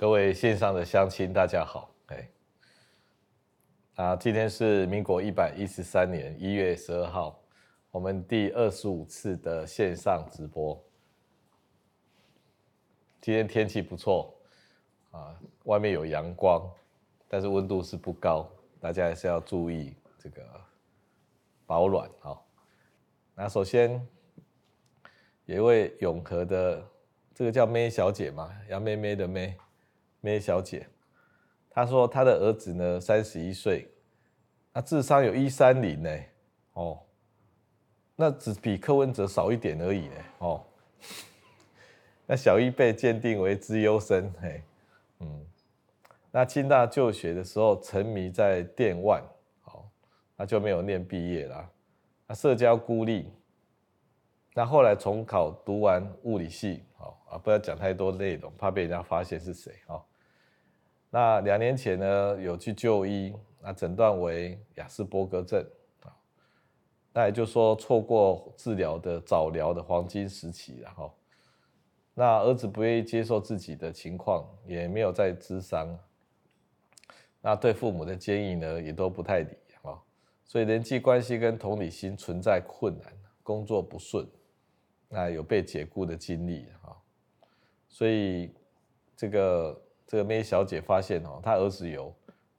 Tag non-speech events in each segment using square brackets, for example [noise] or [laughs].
各位線上的鄉親，大家好！哎，啊，今天是民國一百一十三年一月十二號，我們第二十五次的線上直播。今天天氣不錯，啊，外面有陽光，但是溫度是不高，大家還是要注意這個保暖哦。那首先有一位永和的，這個叫妹小姐嘛，楊妹妹的妹。梅小姐，她說她的兒子呢，三十一歲，那智商有一三零呢，哦，那只比柯文哲少一點而已呢、欸，哦，那小一被鑑定為資優生，嘿、欸，嗯，那清大就學的時候沉迷在電玩，好、哦，那就沒有念畢業啦、啊，社交孤立，那後來重考讀完物理系，好、哦、啊，不要講太多內容，怕被人家發現是誰，哦。那兩年前呢，有去就醫，那診斷為亞斯伯格症啊，那也就是說錯過治療的早療的黃金時期，然後，那兒子不願意接受自己的情況，也沒有在諮商，那對父母的建議呢，也都不太理啊，所以人際關係跟同理心存在困難，工作不順，那有被解僱的經歷啊，所以這個。這個 May 小姐發現哦，她兒子有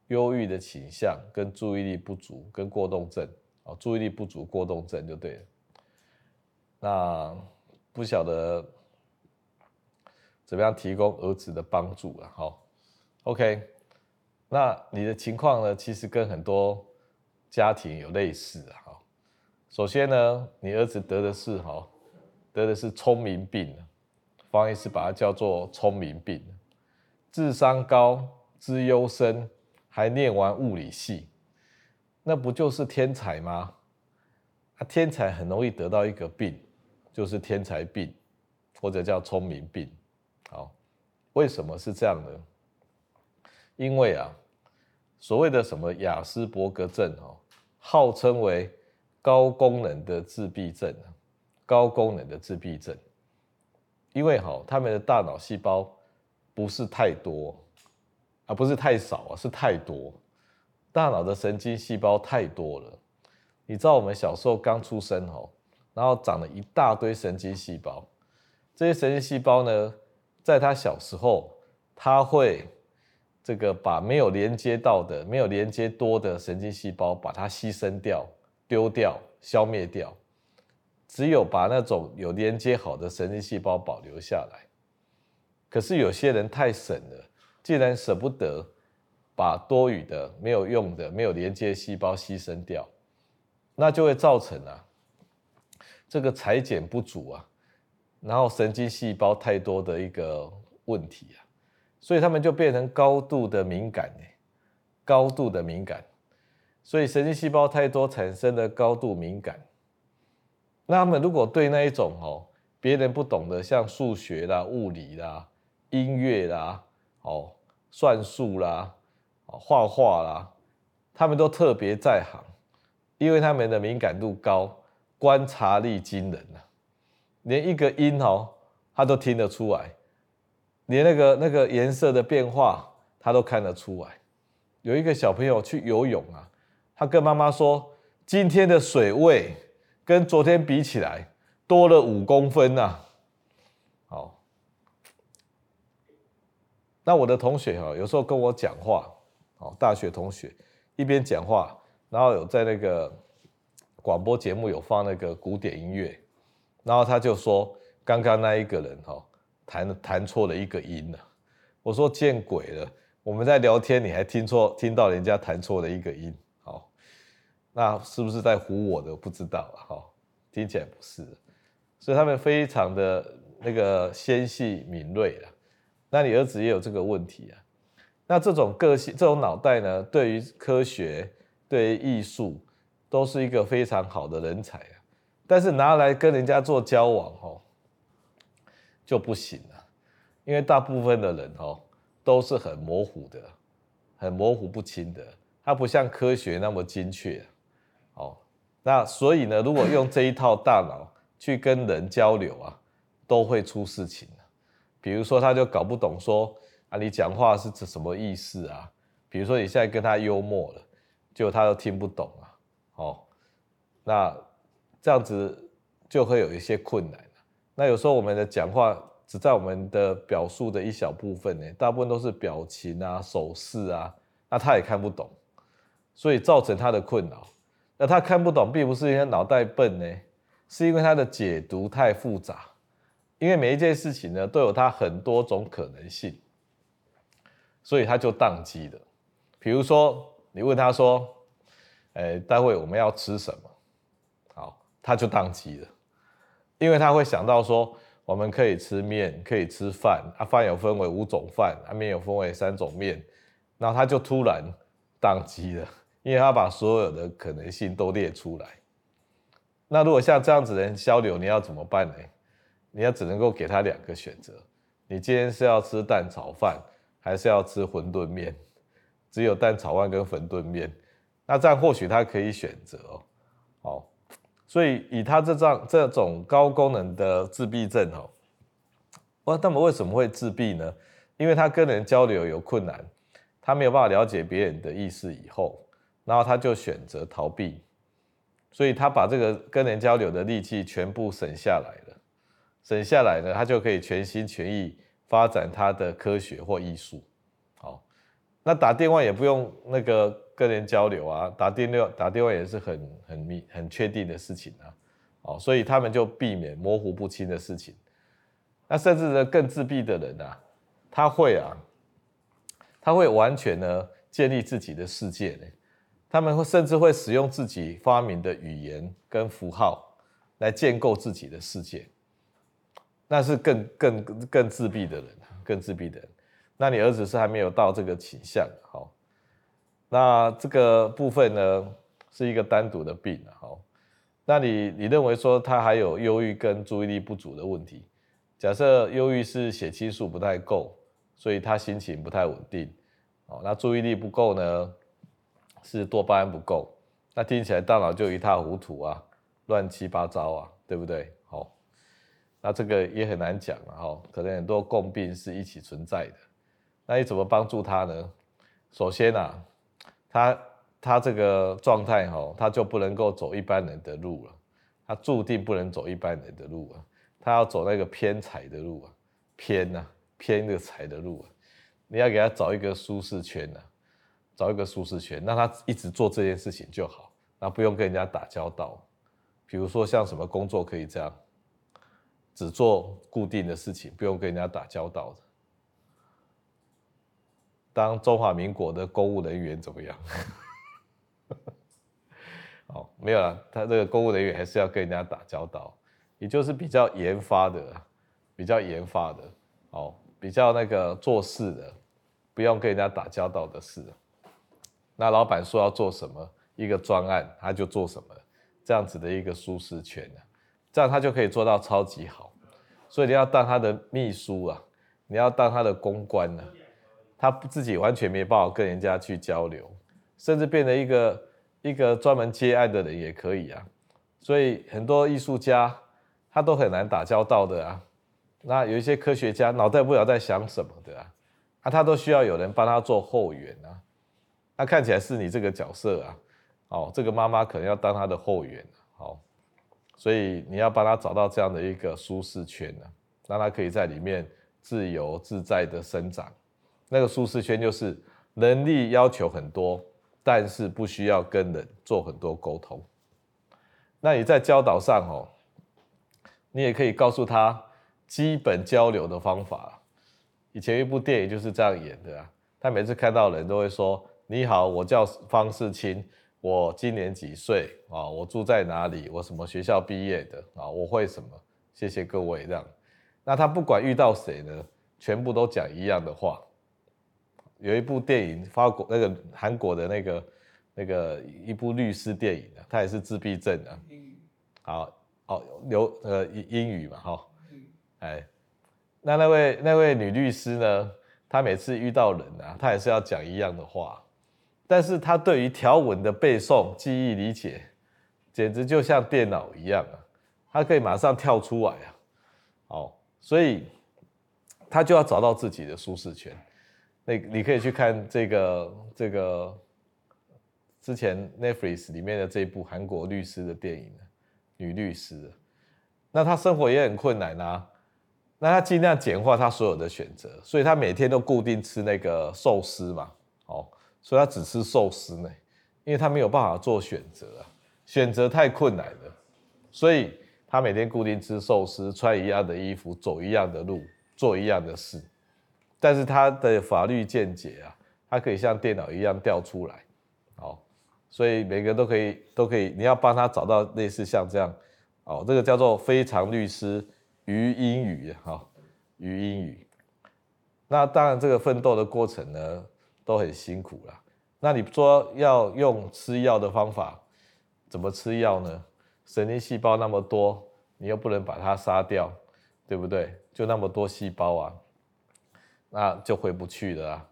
憂鬱的傾向，跟注意力不足，跟過動症哦，注意力不足過動症就對了。那不曉得怎麼樣提供兒子的幫助了、啊、哈？OK，那你的情況呢？其實跟很多家庭有類似啊。首先呢，你兒子得的是哈，得的是聰明病，方醫師把它叫做聰明病。智商高、資優生，還念完物理系，那不就是天才嗎？天才很容易得到一個病，就是天才病，或者叫聰明病。好，為什麼是這樣呢？因為啊，所謂的什麼亞斯伯格症哦，號稱為高功能的自閉症，高功能的自閉症，因為哈、啊，他們的大腦細胞。不是太多，啊，不是太少啊，是太多。大腦的神經細胞太多了。你知道我們小時候剛出生哦，然後長了一大堆神經細胞。這些神經細胞呢，在他小時候，他會這個把沒有連接到的、沒有連接多的神經細胞，把它犧牲掉、丟掉、消滅掉。只有把那種有連接好的神經細胞保留下來。可是有些人太省了，竟然捨不得把多餘的、沒有用的、沒有連接細胞犧牲掉，那就會造成啊，這個裁剪不足啊，然後神經細胞太多的一個問題啊，所以他們就變成高度的敏感、欸、高度的敏感，所以神經細胞太多產生的高度敏感，那他們如果對那一種哦、喔，別人不懂的，像數學啦、物理啦。音樂啦，哦，算術啦，哦，畫畫啦，他們都特別在行，因為他們的敏感度高，觀察力驚人啊。連一個音哦，他都聽得出來，連那個那個顏色的變化，他都看得出來。有一個小朋友去游泳啊，他跟媽媽說，今天的水位跟昨天比起來多了五公分吶啊。那我的同學哈，有時候跟我講話，哦，大學同學，一邊講話，然後有在那個廣播節目有放那個古典音樂，然後他就說剛剛那一個人哈，彈彈錯了一個音呢。我說見鬼了，我們在聊天，你還聽錯，聽到人家彈錯了一個音，哦，那是不是在唬我的？我不知道哈，聽起來不是，所以他們非常的那個纖細敏銳。那你兒子也有這個問題啊？那這種個性、這種腦袋呢，對於科學、對於藝術，都是一個非常好的人才啊。但是拿來跟人家做交往哦，就不行了，因為大部分的人哦，都是很模糊的、很模糊不清的，它不像科學那麼精確啊，哦。那所以呢，如果用這一套大腦去跟人交流啊，都會出事情啊。比如說，他就搞不懂說，說啊，你講話是指什麼意思啊？比如說，你現在跟他幽默了，就他都聽不懂啊。哦，那這樣子就會有一些困難。那有時候我們的講話只在我們的表述的一小部分呢，大部分都是表情啊、手勢啊，那他也看不懂，所以造成他的困擾。那他看不懂，並不是因為他腦袋笨呢，是因為他的解讀太複雜。因為每一件事情呢，都有它很多種可能性，所以它就宕機了。比如說，你問他說：“誒、欸，待會我們要吃什麼？”好，他就宕機了，因為他會想到說，我們可以吃麵，可以吃飯。啊，飯有分為五種飯，啊，麵有分為三種麵，然後他就突然宕機了，因為他把所有的可能性都列出來。那如果像這樣子的人交流，你要怎麼辦呢？你要只能夠給他兩個選擇，你今天是要吃蛋炒飯還是要吃餛飩麵？只有蛋炒飯跟餛飩麵，那這樣或許他可以選擇哦。好，所以以他這張這種高功能的自閉症哦，哇，那麼為什麼會自閉呢？因為他跟人交流有困難，他沒有辦法了解別人的意思以後，然後他就選擇逃避，所以他把這個跟人交流的力氣全部省下來了。省下來呢，他就可以全心全意發展他的科學或藝術。哦，那打電話也不用那個跟人交流啊，打電話打電話也是很很密很確定的事情啊。哦，所以他們就避免模糊不清的事情。那甚至呢，更自閉的人啊，他會啊，他會完全呢建立自己的世界呢。他們會甚至會使用自己發明的語言跟符號來建構自己的世界。那是更更更，更自閉的人，更自閉的人。那你兒子是還沒有到這個傾向的，好。那這個部分呢，是一個單獨的病，好。那你你認為說他還有憂鬱跟注意力不足的問題？假設憂鬱是血清素不太夠，所以他心情不太穩定，哦。那注意力不夠呢，是多巴胺不夠。那聽起來大腦就一塌糊塗啊，亂七八糟啊，對不對？那這個也很難講了哈，可能很多共病是一起存在的。那你怎麼幫助他呢？首先啊，他他這個狀態哈，他就不能夠走一般人的路了，他注定不能走一般人的路啊，他要走那個偏財的路啊，偏啊，偏吶偏那個財的路啊。你要給他找一個舒適圈吶，找一個舒適圈，讓他一直做這件事情就好，那不用跟人家打交道。比如說像什麼工作可以這樣。只做固定的事情，不用跟人家打交道的。當中華民國的公務人員怎麼樣？ [laughs] 哦，沒有了，他這個公務人員還是要跟人家打交道，也就是比較研發的，比較研發的，哦，比較那個做事的，不用跟人家打交道的事。那老板說要做什麼，一個專案，他就做什麼，這樣子的一個舒適圈，這樣他就可以做到超級好。所以你要當他的秘書啊，你要當他的公關啊，他自己完全沒辦法跟人家去交流，甚至變成一個一個專門接案的人也可以啊。所以很多藝術家他都很難打交道的啊。那有一些科學家腦袋不知道在想什麼的啊，那、啊、他都需要有人幫他做後援啊。那看起來是你這個角色啊，哦，這個媽媽可能要當他的後援，好、哦。所以你要幫他找到這樣的一個舒適圈呢、啊，讓他可以在裡面自由自在的生長。那個舒適圈就是能力要求很多，但是不需要跟人做很多溝通。那你在教導上哦，你也可以告訴他基本交流的方法。以前一部電影就是這樣演的、啊，他每次看到的人都會說：“你好，我叫方識欽。”我今年幾歲啊？我住在哪裡？我什麼學校畢業的啊？我會什麼？謝謝各位這樣。那他不管遇到誰呢，全部都講一樣的話。有一部電影，法國那個韓國的那個那個一部律師電影，他也是自閉症啊。英語，好哦，留呃英語嘛哈。嗯、哎，那那位那位女律師呢？她每次遇到人啊，她也是要講一樣的話。但是他對於條文的背誦、記憶、理解，簡直就像電腦一樣啊！他可以馬上跳出來啊！哦，所以他就要找到自己的舒適圈。那你可以去看這個這個之前 Netflix 裡面的這部韓國律師的電影啊，女律師。那她生活也很困難吶，啊，那她盡量簡化她所有的選擇，所以她每天都固定吃那個壽司嘛，哦。所以他只吃壽司呢，因為他沒有辦法做選擇啊，選擇太困難了，所以他每天固定吃壽司，穿一樣的衣服，走一樣的路，做一樣的事。但是他的法律見解啊，他可以像電腦一樣調出來，所以每個人都可以都可以，你要幫他找到類似像這樣，哦，這個叫做非常律師禹英禑，哦、禹英禑。那當然這個奮鬥的過程呢。都很辛苦了，那你說要用吃藥的方法，怎麼吃藥呢？神經細胞那麼多，你又不能把它殺掉，對不對？就那麼多細胞啊，那就回不去了啊。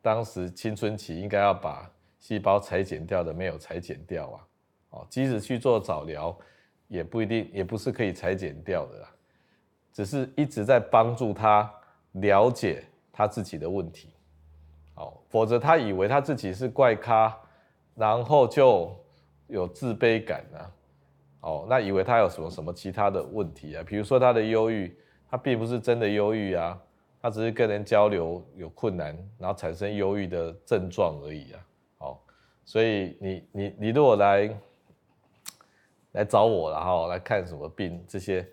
當時青春期應該要把細胞裁剪掉的，沒有裁剪掉啊。哦，即使去做早療，也不一定，也不是可以裁剪掉的啦，只是一直在幫助他了解他自己的問題。哦，否則他以為他自己是怪咖，然後就有自卑感呢啊。哦，那以為他有什麼什麼其他的問題啊？比如說他的憂鬱，他並不是真的憂鬱啊，他只是跟人交流有困難，然後產生憂鬱的症狀而已啊。哦，所以你你你如果來來找我，然後來看什麼病，這些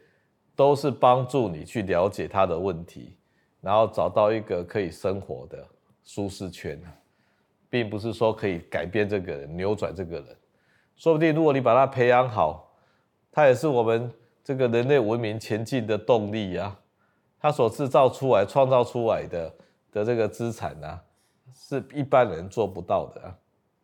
都是幫助你去了解他的問題，然後找到一個可以生活的舒適圈，並不是說可以改變這個人，扭轉這個人。說不定，如果你把他培養好，他也是我們這個人類文明前進的動力啊！他所制造出來、創造出來的的這個資產啊，是一般人做不到的啊！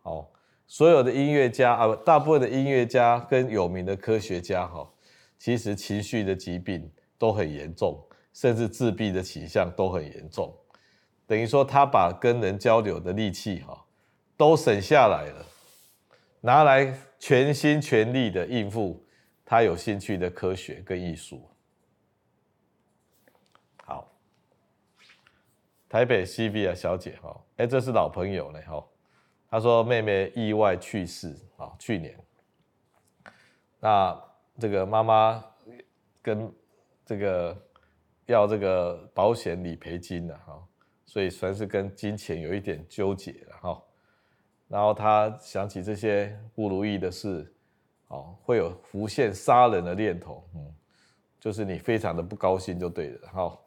哦，所有的音樂家啊，大部分的音樂家跟有名的科學家哈、哦，其實情緒的疾病都很嚴重，甚至自閉的傾向都很嚴重。等於說，他把跟人交流的力氣哈，都省下來了，拿來全心全力的應付他有興趣的科學跟藝術。好，台北 CV 啊小姐哈，哎，這是老朋友呢哈，她說妹妹意外去世啊，去年，那這個媽媽跟這個要這個保險理賠金哈。所以算是跟金錢有一點糾結了哈，然後他想起這些不如意的事，哦，會有浮現殺人的念頭，嗯，就是你非常的不高興就對了哈。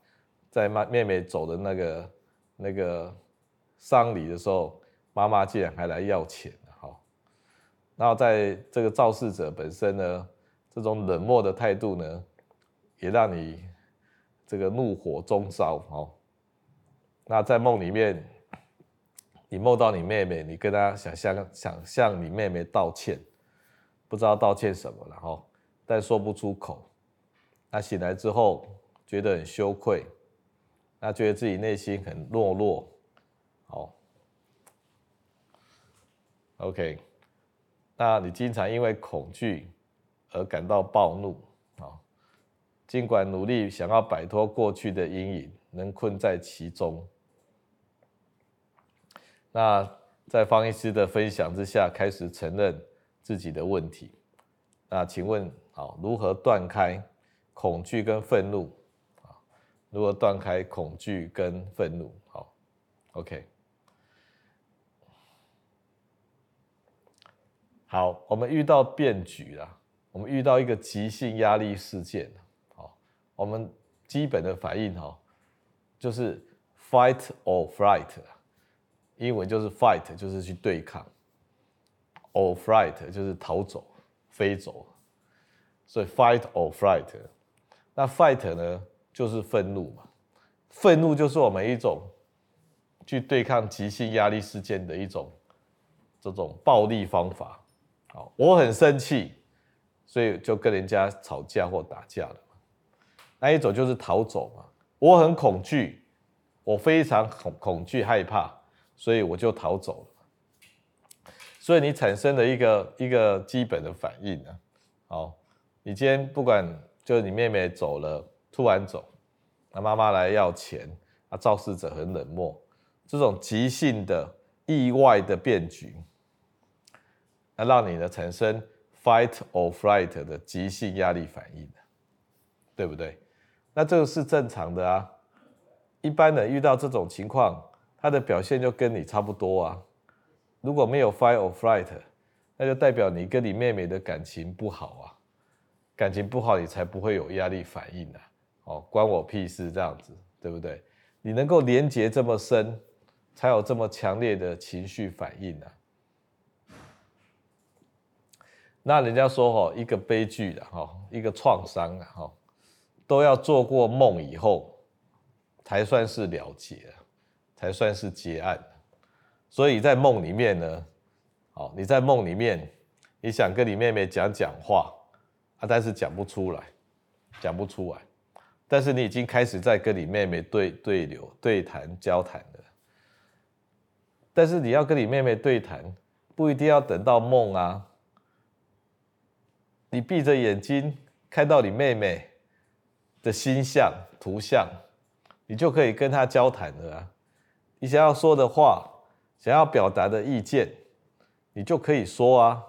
在媽妹妹走的那個那個喪禮的時候，媽媽竟然還來要錢哈。然後在這個肇事者本身呢，這種冷漠的態度呢，也讓你這個怒火中燒哈。那在夢裡面，你夢到你妹妹，你跟她想向想向你妹妹道歉，不知道道歉什麼，了哦，但說不出口。那醒來之後覺得很羞愧，那覺得自己內心很懦弱。好，OK，那你經常因為恐懼而感到暴怒啊，儘管努力想要擺脫過去的陰影，能困在其中。那在方醫師的分享之下，開始承認自己的問題。那請問，好，如何斷開恐懼跟憤怒？啊，如何斷開恐懼跟憤怒？好，OK。好，我們遇到變局了，我們遇到一個急性壓力事件。好，我們基本的反應哈，就是 fight or flight。英文就是 fight，就是去對抗；or flight 就是逃走、飛走。所以 fight or flight 那 fight 呢，就是憤怒嘛。憤怒就是我們一種去對抗急性壓力事件的一種這種暴力方法。好，我很生氣，所以就跟人家吵架或打架了。那一種就是逃走嘛。我很恐懼，我非常恐恐懼、害怕。所以我就逃走了。所以你產生了一個一個基本的反應呢、啊。好，你今天不管就是你妹妹走了，突然走，那媽媽來要錢，啊，肇事者很冷漠，這種急性的意外的變局，那、啊、讓你呢產生 fight or flight 的急性壓力反應、啊、對不對？那這個是正常的啊。一般人遇到這種情況。他的表現就跟你差不多啊，如果沒有 fight or flight，那就代表你跟你妹妹的感情不好啊，感情不好你才不會有壓力反應啊。哦，關我屁事這樣子，對不對？你能夠連接這麼深，才有這麼強烈的情緒反應啊。那人家說哈，一個悲劇的哈，一個創傷啊哈，都要做過夢以後，才算是了解。才算是結案，所以在夢裡面呢，哦，你在夢裡面，你想跟你妹妹講講話啊，但是講不出來，講不出來，但是你已經開始在跟你妹妹對對流、對談、交談了。但是你要跟你妹妹對談，不一定要等到夢啊，你閉着眼睛看到你妹妹的心像、圖像，你就可以跟她交談了啊。你想要說的話，想要表達的意見，你就可以說啊，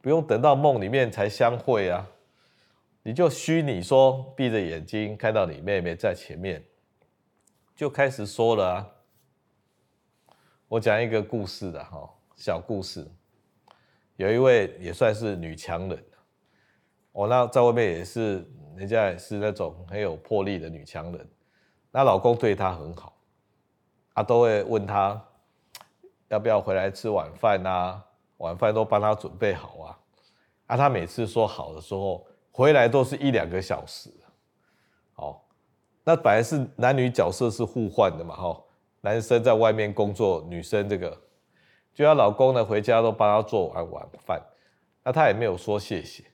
不用等到夢裡面才相會啊，你就虛擬說，閉着眼睛看到你妹妹在前面，就開始說了啊。我講一個故事的哈，小故事，有一位也算是女強人，哦，那在外面也是人家也是那種很有魄力的女強人，那老公對她很好。他、啊、都會問他要不要回來吃晚飯啊？晚飯都幫他準備好啊！啊，他每次說好的時候，回來都是一兩個小時。好、哦，那本來是男女角色是互換的嘛，哈、哦，男生在外面工作，女生這個，就她老公呢回家都幫他做完晚飯，那她也沒有說謝謝，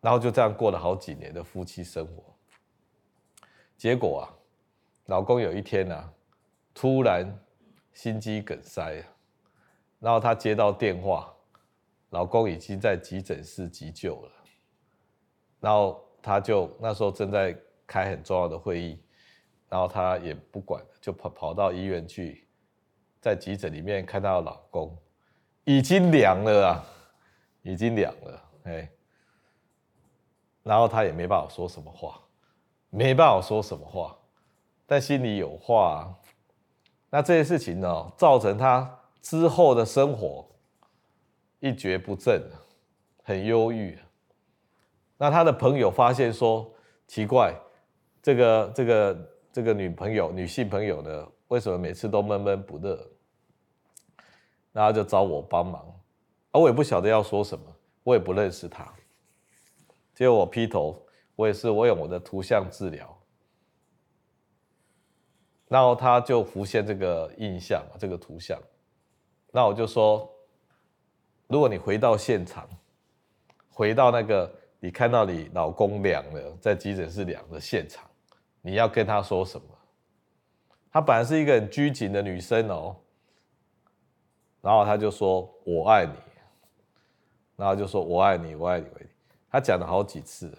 然後就這樣過了好幾年的夫妻生活，結果啊。老公有一天呢、啊，突然心肌梗塞了，然後她接到電話，老公已經在急診室急救了，然後她就那時候正在開很重要的會議，然後她也不管了，就跑跑到醫院去，在急診裡面看到老公已經涼了啊，已經涼了，哎，然後她也沒辦法說什麼話，沒辦法說什麼話。但心裡有話、啊，那這些事情呢、哦，造成他之後的生活一蹶不振，很憂鬱。那他的朋友發現說，奇怪，這個這個這個女朋友女性朋友呢，為什麼每次都悶悶不樂？然後就找我幫忙，而我也不曉得要說什麼，我也不認識他。結果我劈頭，我也是我有我的圖像治療。然後他就浮現這個印象，這個圖像。那我就說，如果你回到現場，回到那個你看到你老公涼了在急診室涼的現場，你要跟他說什麼？她本來是一個很拘謹的女生哦，然後他就說我愛你，然後就說我愛你，我愛你，我愛你。他講了好幾次，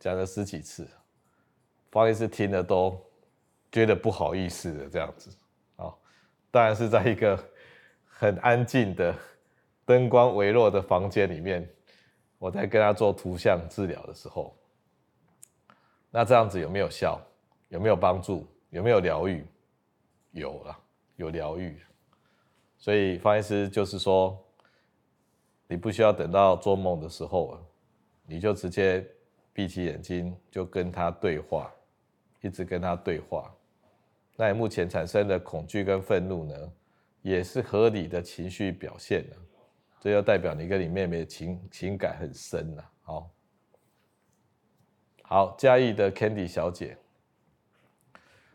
講了十幾次，方醫師聽了都。覺得不好意思的這樣子，啊、哦，當然是在一個很安靜的、燈光微弱的房間裡面，我在跟他做圖像治療的時候，那這樣子有沒有效？有沒有幫助？有沒有療癒？有了、啊，有療癒。所以，方醫師就是說，你不需要等到做夢的時候，你就直接閉起眼睛，就跟他對話，一直跟他對話。那你目前產生的恐懼跟憤怒呢，也是合理的情緒表現呢、啊，這又代表你跟你妹妹情情感很深了、啊哦，好，好嘉義的 Candy 小姐，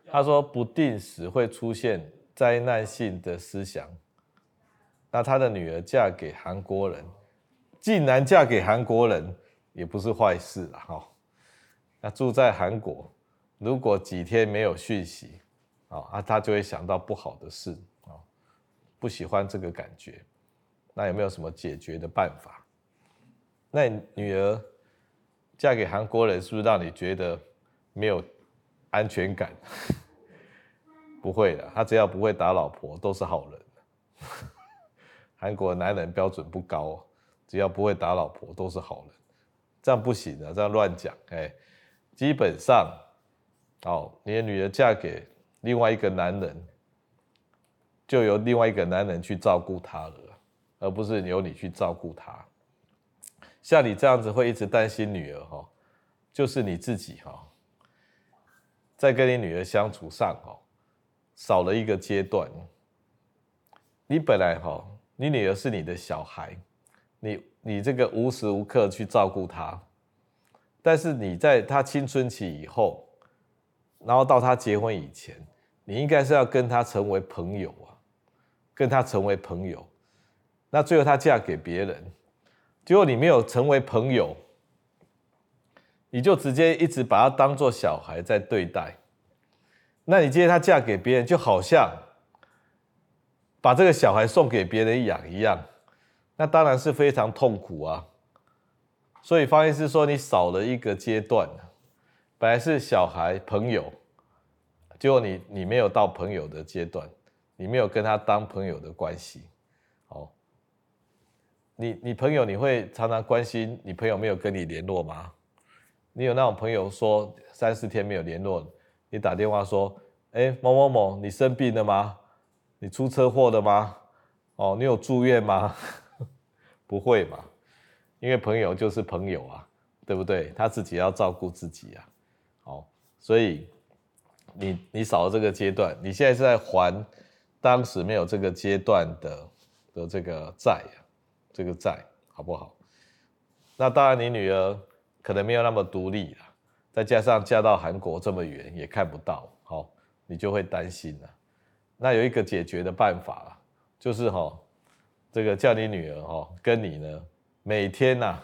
她說不定時會出現災難性的思想，那她的女兒嫁給韓國人，既然嫁給韓國人也不是壞事了，好、哦，那住在韓國，如果幾天沒有訊息。啊，他就會想到不好的事，啊，不喜歡這個感覺，那有沒有什麼解決的辦法？那你女兒嫁給韓國人是不是讓你覺得沒有安全感？ [laughs] 不會的，他只要不會打老婆都是好人。韓 [laughs] 國男人標準不高，只要不會打老婆都是好人。這樣不行的，啊，這樣亂講，哎，欸，基本上，哦，你的女兒嫁給。另外一個男人，就由另外一個男人去照顧她了，而不是由你去照顧她。像你這樣子會一直擔心女兒哈，就是你自己哈，在跟你女兒相處上哈，少了一個階段。你本來哈，你女兒是你的小孩，你你這個無時無刻去照顧她，但是你在她青春期以後。然後到他結婚以前，你應該是要跟他成為朋友啊，跟他成為朋友。那最後她嫁給別人，結果你沒有成為朋友，你就直接一直把他當作小孩在對待。那你今天她嫁給別人，就好像把這個小孩送給別人養一樣，那當然是非常痛苦啊。所以方醫師說，你少了一個階段，本來是小孩朋友。結果你你沒有到朋友的階段，你沒有跟他當朋友的關係，好，你你朋友你會常常關心你朋友沒有跟你聯絡嗎？你有那種朋友說三四天沒有聯絡，你打電話說，哎、欸，某某某，你生病了嗎？你出車禍了嗎？哦，你有住院嗎？ [laughs] 不會吧，因為朋友就是朋友啊，對不對？他自己要照顧自己啊，好，所以。你你少了這個階段，你現在是在還當時沒有這個階段的的這個債啊，這個債好不好？那當然，你女兒可能沒有那麼獨立啦，再加上嫁到韓國這麼遠也看不到，哦，你就會擔心了。那有一個解決的辦法啊，就是哈，這個叫你女兒哈，跟你呢每天吶，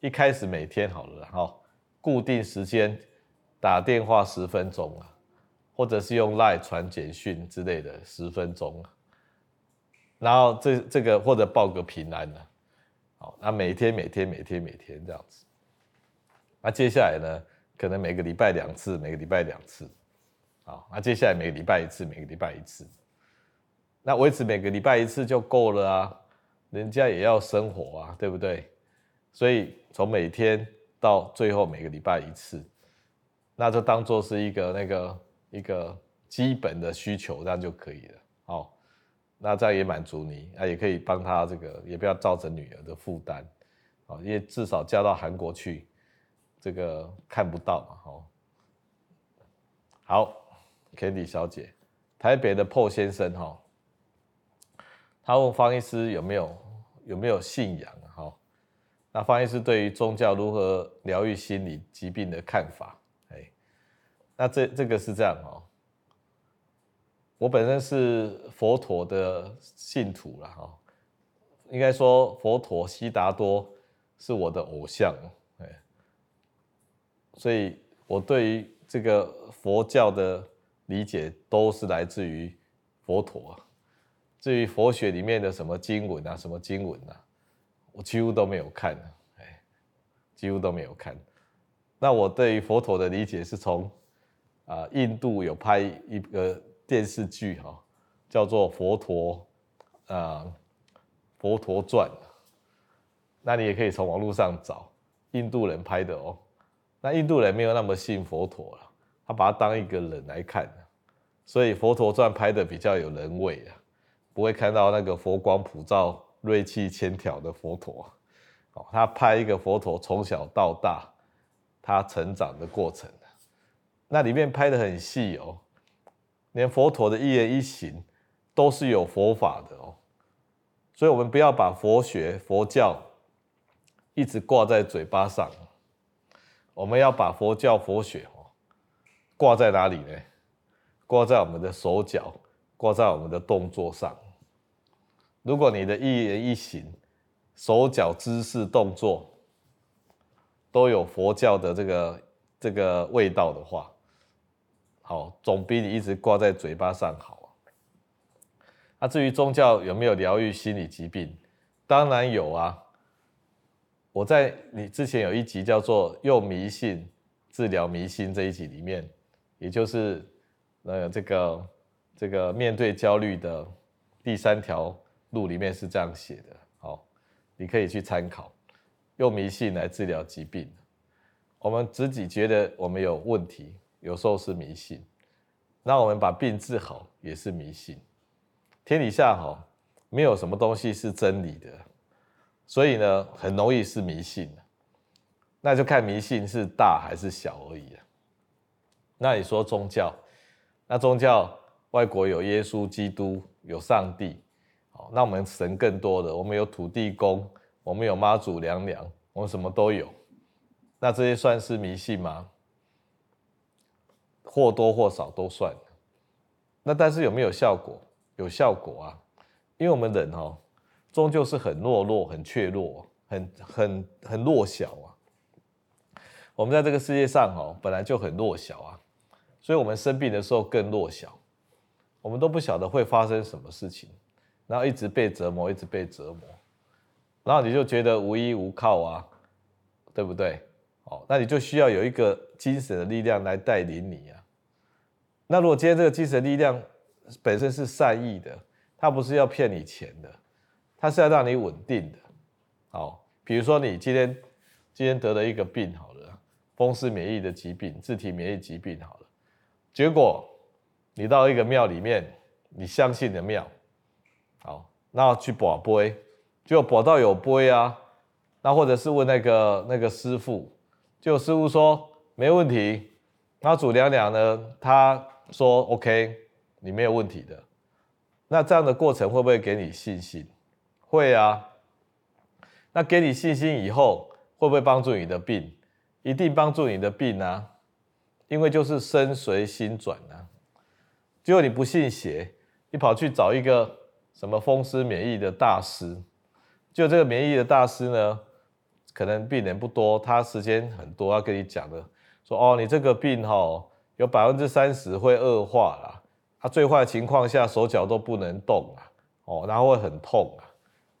一開始每天好了哈，固定時間打電話十分鐘啊。或者是用賴傳簡訊之類的，十分鐘，然後這這個或者報個平安呢、啊？好，那每天每天每天每天這樣子。那接下來呢？可能每個禮拜兩次，每個禮拜兩次，好，那接下來每個禮拜一次，每個禮拜一次。那維持每個禮拜一次就夠了啊，人家也要生活啊，對不對？所以從每天到最後每個禮拜一次，那就當做是一個那個。一個基本的需求，這樣就可以了。哦。那這樣也滿足你，啊，也可以幫他這個，也不要造成女兒的負擔，哦，因為至少嫁到韓國去，這個看不到嘛，哦。好，Candy 小姐，台北的 Paul 先生哈、哦，他問方醫師有沒有有沒有信仰哈、哦？那方醫師對於宗教如何療癒心理疾病的看法？那這這個是這樣哦、喔，我本身是佛陀的信徒了哈，應該說佛陀悉達多是我的偶像哎，所以我對於這個佛教的理解都是來自於佛陀。至於佛學裡面的什麼經文啊，什麼經文啊，我幾乎都沒有看哎，幾乎都沒有看。那我對於佛陀的理解是從。啊，印度有拍一個電視劇哈，叫做佛、嗯《佛陀》，啊，《佛陀傳》。那你也可以從網絡上找，印度人拍的哦。那印度人沒有那麼信佛陀了，他把他當一個人來看，所以《佛陀傳》拍的比較有人味啊，不會看到那個佛光普照、瑞氣千條的佛陀。哦，他拍一個佛陀從小到大他成長的過程。那裡面拍得很細哦，連佛陀的一言一行都是有佛法的哦，所以，我們不要把佛學、佛教一直掛在嘴巴上，我們要把佛教、佛學哦掛在哪裡呢？掛在我們的手腳，掛在我們的動作上。如果你的一言一行、手腳姿勢、動作都有佛教的這個這個味道的話，好，總比你一直掛在嘴巴上好、啊。那、啊、至於宗教有沒有療癒心理疾病，當然有啊。我在你之前有一集叫做《用迷信治療迷信》這一集裡面，也就是呃、那、這個這個面對焦慮的第三條路裡面是這樣寫的。好，你可以去參考，用迷信來治療疾病。我們自己覺得我們有問題。有時候是迷信，那我們把病治好也是迷信。天底下哈沒有什麼東西是真理的，所以呢，很容易是迷信。那就看迷信是大還是小而已。那你說宗教，那宗教外國有耶穌基督、有上帝，那我們神更多的，我們有土地公，我們有媽祖娘娘，我們什麼都有。那這些算是迷信嗎？或多或少都算，那但是有沒有效果？有效果啊，因為我們人哦，終究是很懦弱、很怯弱、很很很弱小啊。我們在這個世界上哦，本來就很弱小啊，所以我們生病的時候更弱小，我們都不曉得會發生什麼事情，然後一直被折磨，一直被折磨，然後你就覺得無依無靠啊，對不對？哦，那你就需要有一個精神的力量來帶領你啊。那如果今天這個精神力量本身是善意的，它不是要騙你錢的，它是要讓你穩定的。好，比如說你今天今天得了一個病，好了，風濕免疫的疾病，自體免疫疾病，好了，結果你到一個廟裡面，你相信的廟，好，那去保杯，就保到有杯啊，那或者是問那個那個師父，就師父說沒問題，那主娘娘呢，他。說 OK，你沒有問題的。那這樣的過程會不會給你信心？會啊。那給你信心以後，會不會幫助你的病？一定幫助你的病啊，因為就是身隨心轉啊。結果你不信邪，你跑去找一個什麼風濕免疫的大師。就這個免疫的大師呢，可能病人不多，他時間很多要跟你講的。說哦，你這個病吼有百分之三十會惡化啦，他、啊、最壞的情況下手腳都不能動啊，哦，然後會很痛啊，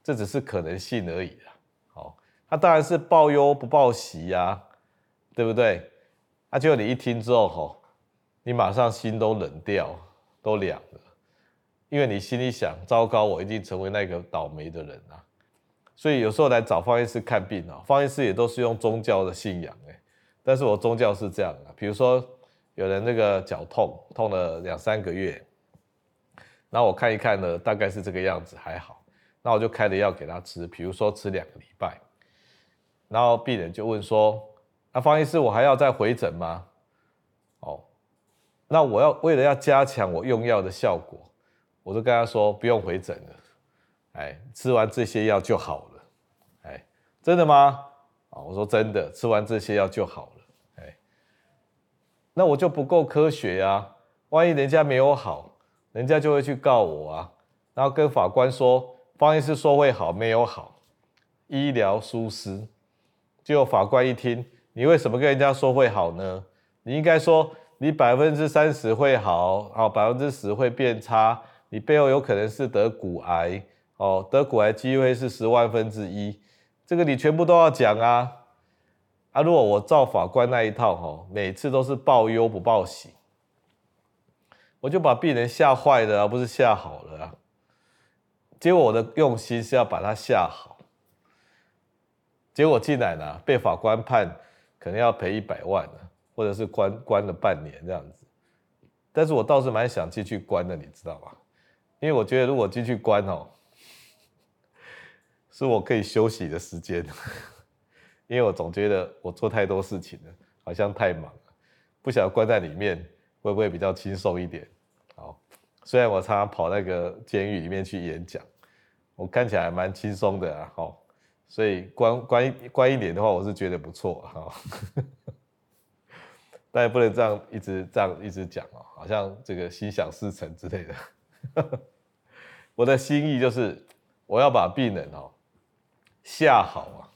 這只是可能性而已啦、啊。好、哦，那、啊、當然是報憂不報喜呀、啊，對不對？啊，結果你一聽之後，吼、哦，你馬上心都冷掉，都涼了，因為你心裡想，糟糕，我一定成為那個倒霉的人啊。所以有時候來找方醫師看病啊，方醫師也都是用宗教的信仰、欸、但是我宗教是這樣的，比如說。有人那個腳痛，痛了兩三個月，然後我看一看呢，大概是這個樣子，還好。那我就開了藥給他吃，比如說吃兩個禮拜，然後病人就問說：“那、啊、方醫師，我還要再回診嗎？”哦，那我要為了要加強我用藥的效果，我就跟他說不用回診了，哎，吃完這些藥就好了，哎，真的嗎？啊、哦，我說真的，吃完這些藥就好了。那我就不夠科學啊，萬一人家沒有好，人家就會去告我啊。然後跟法官說，方醫師說會好沒有好，醫療疏失。結果法官一聽，你為什麼跟人家說會好呢？你應該說你30，你百分之三十會好，好百分之十會變差，你背後有可能是得骨癌哦，得骨癌機會是十萬分之一，10, 這個你全部都要講啊。啊，如果我照法官那一套哈，每次都是報憂不報喜，我就把病人嚇壞了啊，不是嚇好了啊。結果我的用心是要把他嚇好，結果進來了，被法官判，可能要賠一百萬了，或者是關關了半年這樣子。但是我倒是蠻想進去關的，你知道嗎？因為我覺得如果進去關哦，是我可以休息的時間。因為我總覺得我做太多事情了，好像太忙了，不曉得關在裡面會不會比較輕鬆一點？好，雖然我常常跑那個監獄裡面去演講，我看起來還蠻輕鬆的啊！哦，所以關關關一點的話，我是覺得不錯。哦， [laughs] 但也不能這樣一直這樣一直講哦，好像這個心想事成之類的。 [laughs] 我的心意就是，我要把病人哦嚇好啊。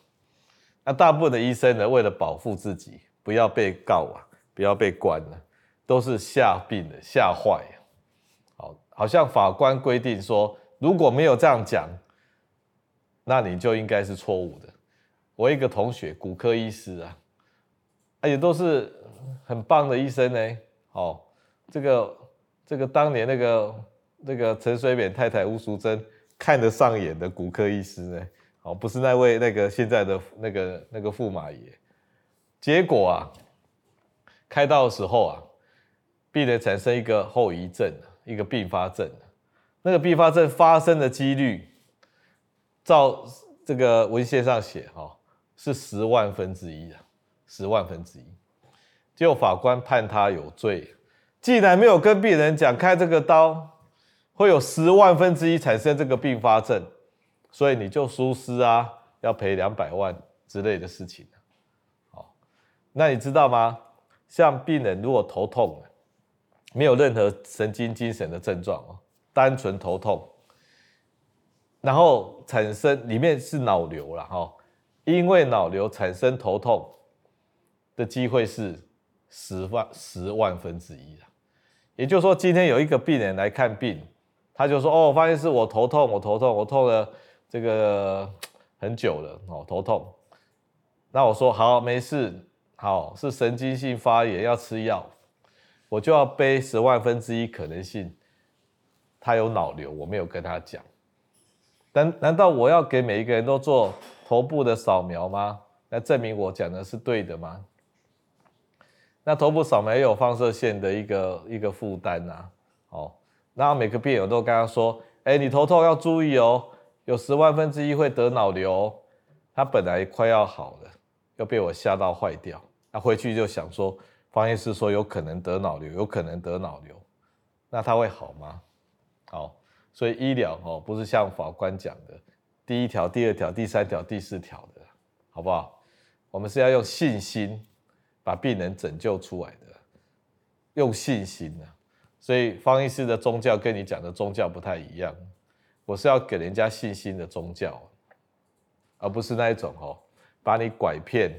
那、啊、大部分的醫生呢，為了保護自己，不要被告啊，不要被關啊，都是嚇病的，嚇壞呀。好，好像法官規定說，如果沒有這樣講，那你就應該是錯誤的。我一個同學，骨科醫師啊，啊也都是很棒的醫生呢、欸。哦，這個這個當年那個那個陳水扁太太吳淑珍看得上眼的骨科醫師呢。哦，不是那位那個現在的那個那個駙馬爺，結果啊，開刀的時候啊，病人產生一個後遺症，一個併發症，那個併發症發生的幾率，照這個文獻上寫哈，是十萬分之一，十萬分之一，就法官判他有罪，既然沒有跟病人講開這個刀會有十萬分之一產生這個併發症。所以你就疏失啊，要賠兩百萬之類的事情。好，那你知道嗎？像病人如果頭痛，沒有任何神經精神的症狀哦，單純頭痛，然後產生裡面是腦瘤了哈，因為腦瘤產生頭痛的機會是十萬十萬分之一。也就是說，今天有一個病人來看病，他就說：“哦，我發現是我頭痛，我頭痛，我痛了。”這個很久了哦，頭痛。那我說好，沒事，好是神經性發炎，要吃藥。我就要背十萬分之一可能性，他有腦瘤，我沒有跟他講。但難，難道我要給每一個人都做頭部的掃描嗎？來證明我講的是對的嗎？那頭部掃描也有放射線的一個一個負擔吶。哦，然後每個病友都跟他說：哎、欸，你頭痛要注意哦。有十萬分之一會得腦瘤，他本來快要好了，又被我嚇到壞掉。他、啊、回去就想說，方醫師說有可能得腦瘤，有可能得腦瘤，那他會好嗎？好，所以醫療哦，不是像法官講的，第一條、第二條、第三條、第四條的，好不好？我們是要用信心把病人拯救出來的，用信心啊。所以方醫師的宗教跟你講的宗教不太一樣。我是要給人家信心的宗教，而不是那一種哦，把你拐騙，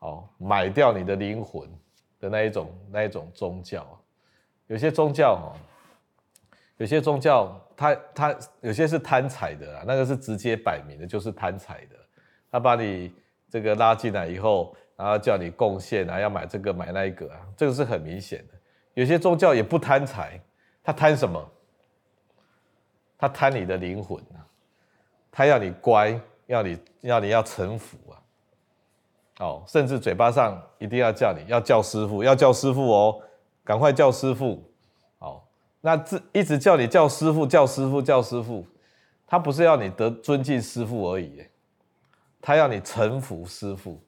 哦，賣掉你的靈魂的那一種那一種宗教。有些宗教哦，有些宗教，他他有些是貪財的啊，那個是直接擺明的，就是貪財的。他把你這個拉進來以後，然後叫你貢獻啊，要買這個買那個啊，這個是很明顯的。有些宗教也不貪財，他貪什麼？他貪你的靈魂，他要你乖，要你，要你要臣服啊！哦，甚至嘴巴上一定要叫你要叫師傅，要叫師傅哦，趕快叫師傅！哦，那這一直叫你叫師傅，叫師傅，叫師傅，他不是要你得尊敬師傅而已，他要你臣服師傅，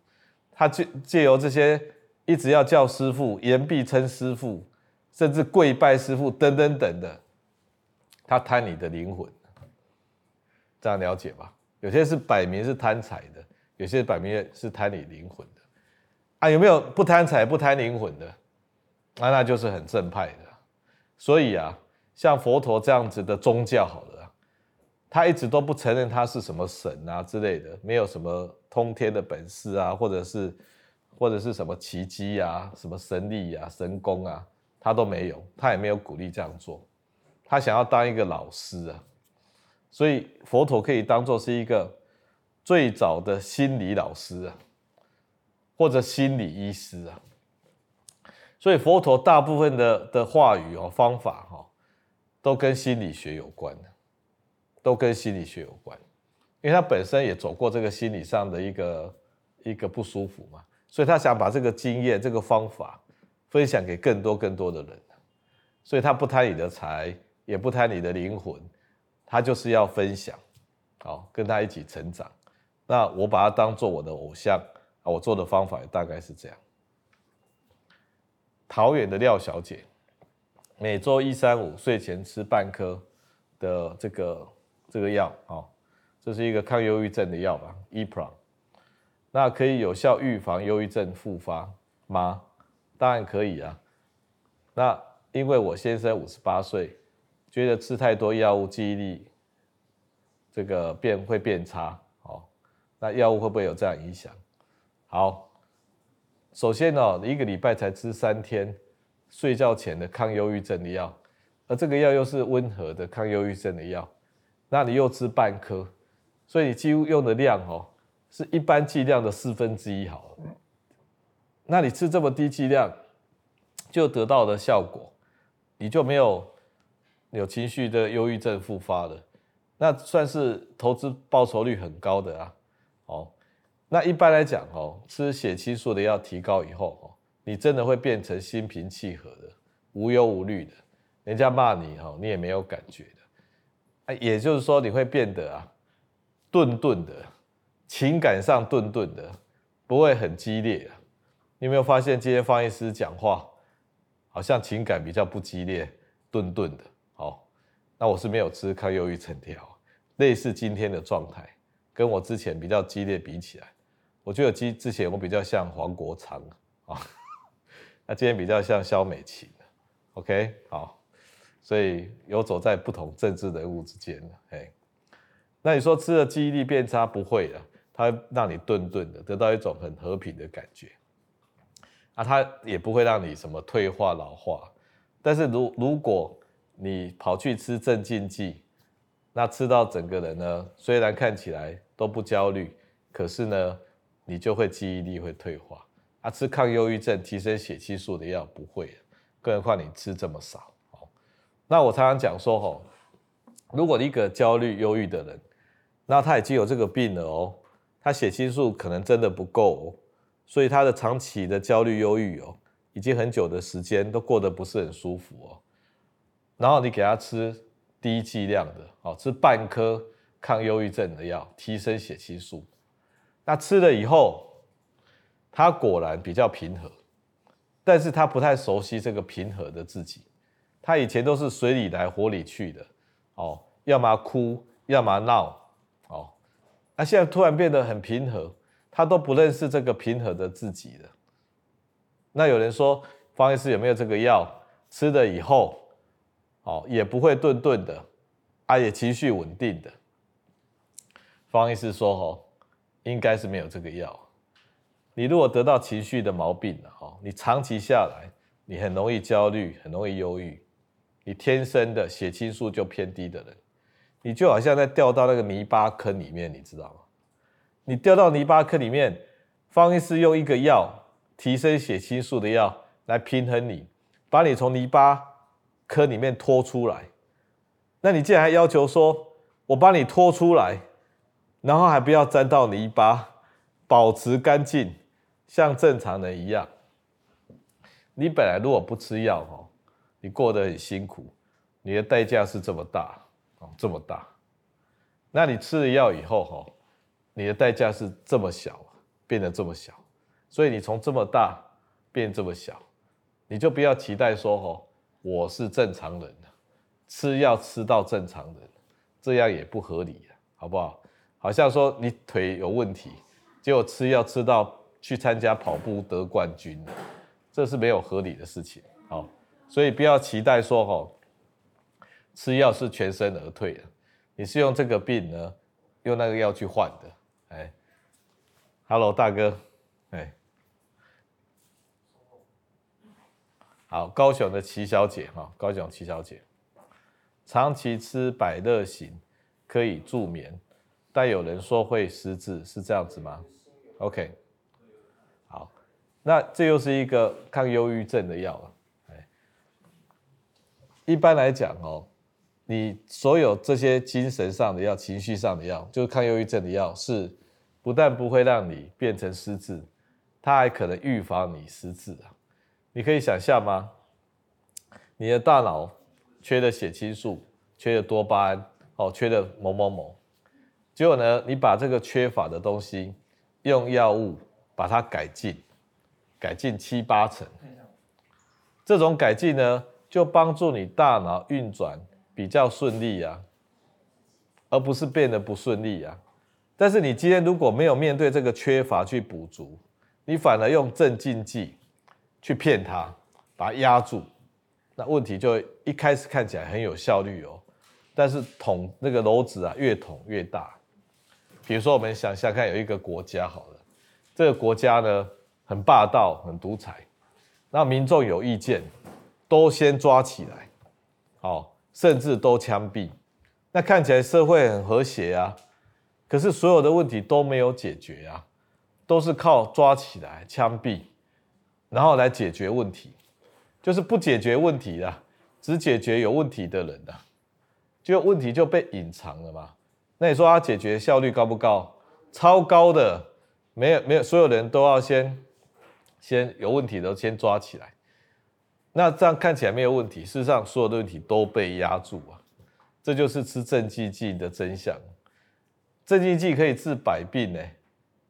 他借借由這些一直要叫師傅，言必稱師傅，甚至跪拜師傅等等等等的。他貪你的靈魂，這樣了解吧？有些是擺明是貪財的，有些擺明是貪你靈魂的。啊，有沒有不貪財不貪靈魂的？啊，那就是很正派的。所以啊，像佛陀這樣子的宗教，好了啊，他一直都不承認他是什麼神啊之類的，沒有什麼通天的本事啊，或者是或者是什麼奇蹟啊、什麼神力啊、神功啊，他都沒有，他也沒有鼓勵這樣做。他想要當一個老師啊，所以佛陀可以當做是一個最早的心理老師啊，或者心理醫師啊。所以佛陀大部分的的話語哦、方法哈、哦，都跟心理學有關，都跟心理學有關，因為他本身也走過這個心理上的一個一個不舒服嘛，所以他想把這個經驗、這個方法分享給更多更多的人，所以他不貪你的財。也不貪你的靈魂，他就是要分享，好，跟他一起成長。那我把他當做我的偶像，我做的方法也大概是這樣。桃園的廖小姐，每週一、三、五睡前吃半顆的這個這個藥啊，這是一個抗憂鬱症的藥吧，EPRON。那可以有效預防憂鬱症復發嗎？當然可以啊。那因為我先生五十八歲。覺得吃太多藥物，記憶力這個變會變差哦。那藥物會不會有這樣影響？好，首先哦，你一個禮拜才吃三天睡覺前的抗憂鬱症的藥，而這個藥又是溫和的抗憂鬱症的藥，那你又吃半顆，所以你幾乎用的量哦，是一般劑量的四分之一好了。那你吃這麼低劑量，就得到的效果，你就沒有。有情緒的憂鬱症復發了，那算是投資報酬率很高的啊。哦，那一般來講哦，吃血清素的藥提高以後哦，你真的會變成心平氣和的、無憂無慮的。人家罵你哈，你也沒有感覺的。哎，也就是說你會變得啊，鈍鈍的，情感上鈍鈍的，不會很激烈。你有沒有發現今天方醫師講話好像情感比較不激烈，鈍鈍的？那我是沒有吃抗憂鬱成條，類似今天的狀態，跟我之前比較激烈比起來，我覺得之之前我比較像黃國昌啊，那今天比較像蕭美琴，OK 好，所以游走在不同政治人物之間了。那你說吃了記憶力變差不會的，它讓你頓頓的得到一種很和平的感覺，啊，它也不會讓你什麼退化老化，但是如如果。你跑去吃鎮靜劑，那吃到整個人呢？雖然看起來都不焦慮，可是呢，你就會記憶力會退化。啊，吃抗憂鬱症、提升血清素的藥不會，更何況你吃這麼少哦。那我常常講說哦，如果一個焦慮、憂鬱的人，那他已經有這個病了哦，他血清素可能真的不夠哦，所以他的長期的焦慮、憂鬱哦，已經很久的時間都過得不是很舒服哦。然後你給他吃低劑量的。哦，吃半顆抗憂鬱症的藥，提升血清素。那吃了以後，他果然比較平和，但是他不太熟悉這個平和的自己。他以前都是水裡來火裡去的，哦，要麼哭，要麼鬧，哦，那，啊，現在突然變得很平和，他都不認識這個平和的自己了。那有人說，方醫師有沒有這個藥？吃了以後。哦，也不會頓頓的，啊，也情緒穩定的。方醫師說：“吼，應該是沒有這個藥。你如果得到情緒的毛病了，吼，你長期下來，你很容易焦慮，很容易憂鬱。你天生的血清素就偏低的人，你就好像在掉到那個泥巴坑裡面，你知道嗎？你掉到泥巴坑裡面，方醫師用一個藥提升血清素的藥來平衡你，把你從泥巴。”坑裡面拖出來，那你竟然還要求說，我幫你拖出來，然後還不要沾到泥巴，保持乾淨，像正常人一樣。你本來如果不吃藥哦，你過得很辛苦，你的代價是這麼大這麼大。那你吃了藥以後哈，你的代價是這麼小，變得這麼小。所以你從這麼大變這麼小，你就不要期待說哦。我是正常人，吃藥吃到正常人，這樣也不合理好不好？好像說你腿有問題，結果吃藥吃到去參加跑步得冠軍，這是沒有合理的事情，好，所以不要期待說哦，吃藥是全身而退的，你是用這個病呢，用那個藥去換的，哎，Hello 大哥，哎。好，高雄的齊小姐哈，高雄齊小姐，長期吃百樂型可以助眠，但有人說會失智，是這樣子嗎？OK，好，那這又是一個抗憂鬱症的藥了。一般來講哦，你所有這些精神上的藥、情緒上的藥，就是抗憂鬱症的藥，是不但不會讓你變成失智，它還可能預防你失智啊。你可以想象嗎？你的大腦缺的血清素，缺的多巴胺，哦，缺的某某某。結果呢，你把這個缺乏的東西用藥物把它改進，改進七八成。這種改進呢，就幫助你大腦運轉比較順利啊，而不是變得不順利啊。但是你今天如果沒有面對這個缺乏去補足，你反而用鎮靜劑。去騙他，把他壓住，那問題就一開始看起來很有效率哦。但是捅那個簍子啊，越捅越大。比如說，我們想想看，有一個國家好了，這個國家呢很霸道、很獨裁，那民眾有意見都先抓起來，哦，甚至都槍斃。那看起來社會很和諧啊，可是所有的問題都沒有解決啊，都是靠抓起來槍斃。然後來解決問題，就是不解決問題的、啊，只解決有問題的人的、啊，就問題就被隱藏了嘛。那你說它解決效率高不高？超高的，沒有沒有，所有人都要先先有問題的先抓起來，那這樣看起來沒有問題，事實上所有的問題都被壓住啊。這就是吃鎮靜劑的真相，鎮靜劑可以治百病呢、欸。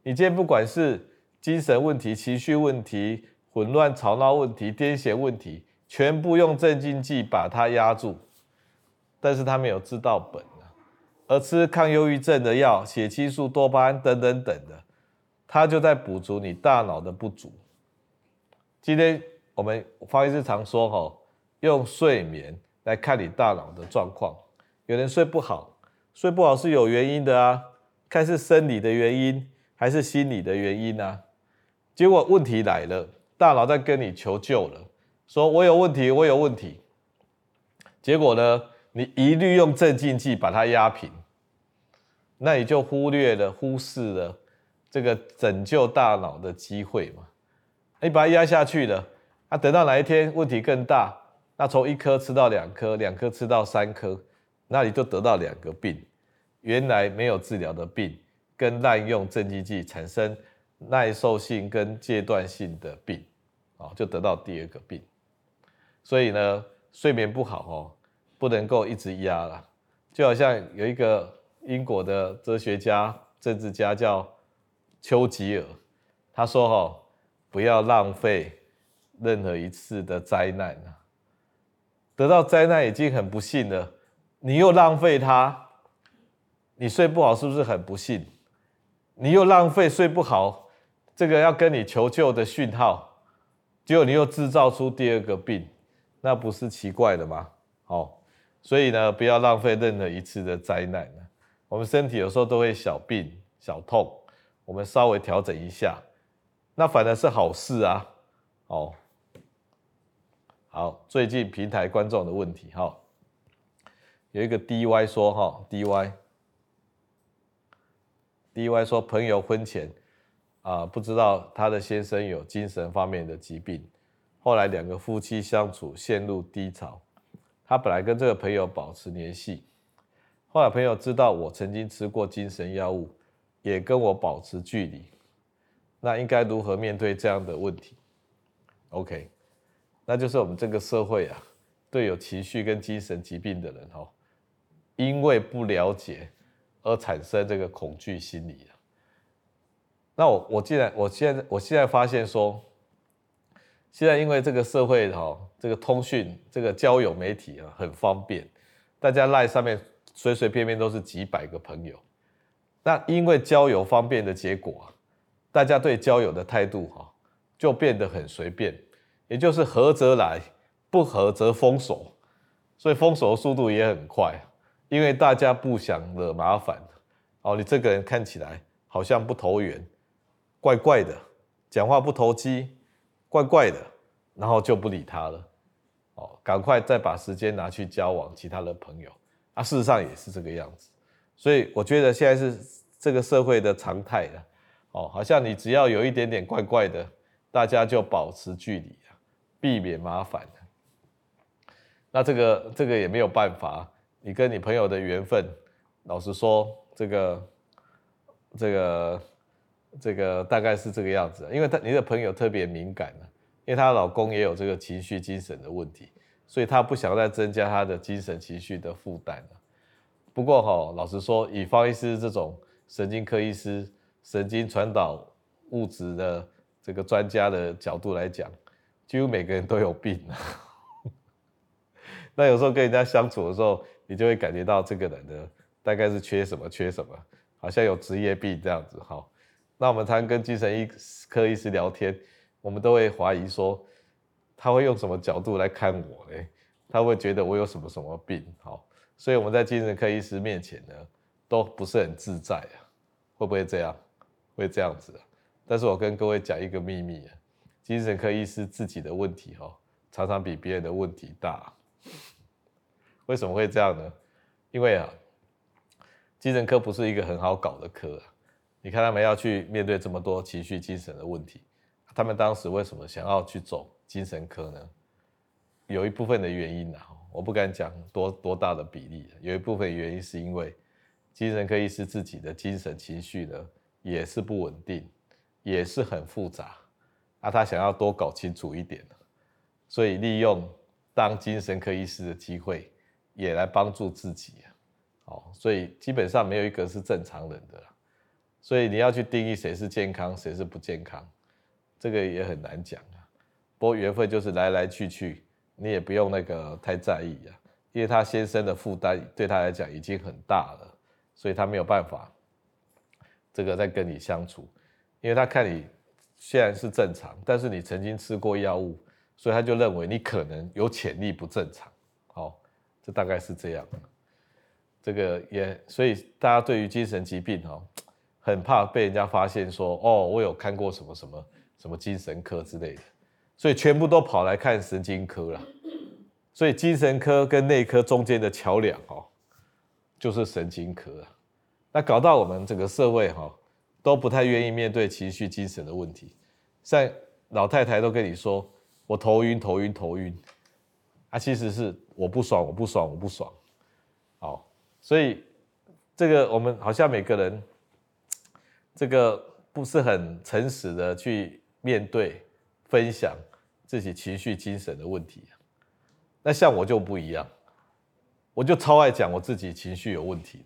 你今天不管是精神問題、情緒問題。混亂、吵鬧問題、癲癇問題，全部用鎮靜劑把它壓住，但是他沒有治到本啊，而吃抗憂鬱症的藥、血清素、多巴胺等等等的，他就在補足你大腦的不足。今天我們方醫師常說哦，用睡眠來看你大腦的狀況，有人睡不好，睡不好是有原因的啊，看是生理的原因還是心理的原因啊？結果問題來了。大腦在跟你求救了，說我有問題，我有問題。結果呢，你一律用鎮靜劑把它壓平，那你就忽略了、忽視了這個拯救大腦的機會嘛？你把它壓下去了，那、啊、等到哪一天問題更大？那從一顆吃到兩顆，兩顆吃到三顆，那你就得到兩個病，原來沒有治療的病，跟濫用鎮靜劑產生耐受性跟戒斷性的病。哦，就得到第二個病，所以呢，睡眠不好哦，不能夠一直壓了。就好像有一個英國的哲學家、政治家叫丘吉爾，他說：“哦，不要浪費任何一次的災難啊，得到災難已經很不幸了，你又浪費它，你睡不好是不是很不幸？你又浪費睡不好，這個要跟你求救的訊號。”結果你又製造出第二個病，那不是奇怪的嗎？哦，所以呢，不要浪費任何一次的災難呢。我們身體有時候都會小病小痛，我們稍微調整一下，那反而是好事啊。哦，好，最近平台觀眾的問題，哈、哦，有一個 DY 說哈、哦，DY，DY 說朋友婚前。啊，不知道他的先生有精神方面的疾病，後來兩個夫妻相處陷入低潮。他本來跟這個朋友保持聯繫，後來朋友知道我曾經吃過精神藥物，也跟我保持距離。那應該如何面對這樣的問題？OK，那就是我們這個社會啊，對有情緒跟精神疾病的人哦，因為不了解而產生這個恐懼心理啊。那我我既然我現在我現在發現說，現在因為這個社會哈，這個通訊、這個交友媒體啊很方便，大家 LINE 上面隨隨便便都是幾百個朋友。那因為交友方便的結果，大家對交友的態度哈就變得很隨便，也就是合則來，不合則封鎖，所以封鎖的速度也很快，因為大家不想惹麻煩。哦，你這個人看起來好像不投緣。怪怪的，講話不投機，怪怪的，然後就不理他了。哦，趕快再把時間拿去交往其他的朋友啊！事實上也是這個樣子，所以我覺得現在是這個社會的常態了。哦，好像你只要有一點點怪怪的，大家就保持距離，避免麻煩。那這個這個也沒有辦法，你跟你朋友的緣分，老實說，這個這個。這個大概是這個樣子，因為你的朋友特別敏感，因為她老公也有這個情緒精神的問題，所以她不想再增加她的精神情緒的負擔。不過哈、哦，老實說，以方醫師這種神經科醫師、神經傳導物質的這個專家的角度來講，幾乎每個人都有病啊。 [laughs] 那有時候跟人家相處的時候，你就會感覺到這個人呢，大概是缺什麼缺什麼，好像有職業病這樣子哈。那我們常跟精神科醫師聊天，我們都會懷疑說，他會用什麼角度來看我呢？他會覺得我有什麼什麼病？好，所以我們在精神科醫師面前呢，都不是很自在啊。會不會這樣？會這樣子啊？但是我跟各位講一個祕密啊，精神科醫師自己的問題哈哦，常常比別人的問題大啊。為什麼會這樣呢？因為啊，精神科不是一個很好搞的科啊。你看他們要去面對這麼多情緒、精神的問題，他們當時為什麼想要去走精神科呢？有一部分的原因呢，啊，我不敢講多多大的比例，啊，有一部分原因是因為精神科醫師自己的精神情緒呢也是不穩定，也是很複雜，啊，他想要多搞清楚一點，啊，所以利用當精神科醫師的機會也來幫助自己，啊，哦，所以基本上沒有一個是正常人的。所以你要去定義誰是健康，誰是不健康，這個也很難講啊。不過緣分就是來來去去，你也不用那個太在意啊，因為他先生的負擔對他來講已經很大了，所以他沒有辦法，這個再跟你相處，因為他看你雖然是正常，但是你曾經吃過藥物，所以他就認為你可能有潛力不正常。好，哦，這大概是這樣。這個也所以大家對於精神疾病哦。很怕被人家發現說，說哦，我有看過什麼什麼什麼精神科之類的，所以全部都跑來看神經科了。所以精神科跟內科中間的橋樑哦，就是神經科。那搞到我們整個社會哈都不太願意面對情緒精神的問題，像老太太都跟你說我頭暈頭暈頭暈啊，其實是我不爽我不爽我不爽哦。所以這個我們好像每個人。這個不是很誠實的去面對分享自己情緒、精神的問題。那像我就不一樣，我就超愛講我自己情緒有問題的。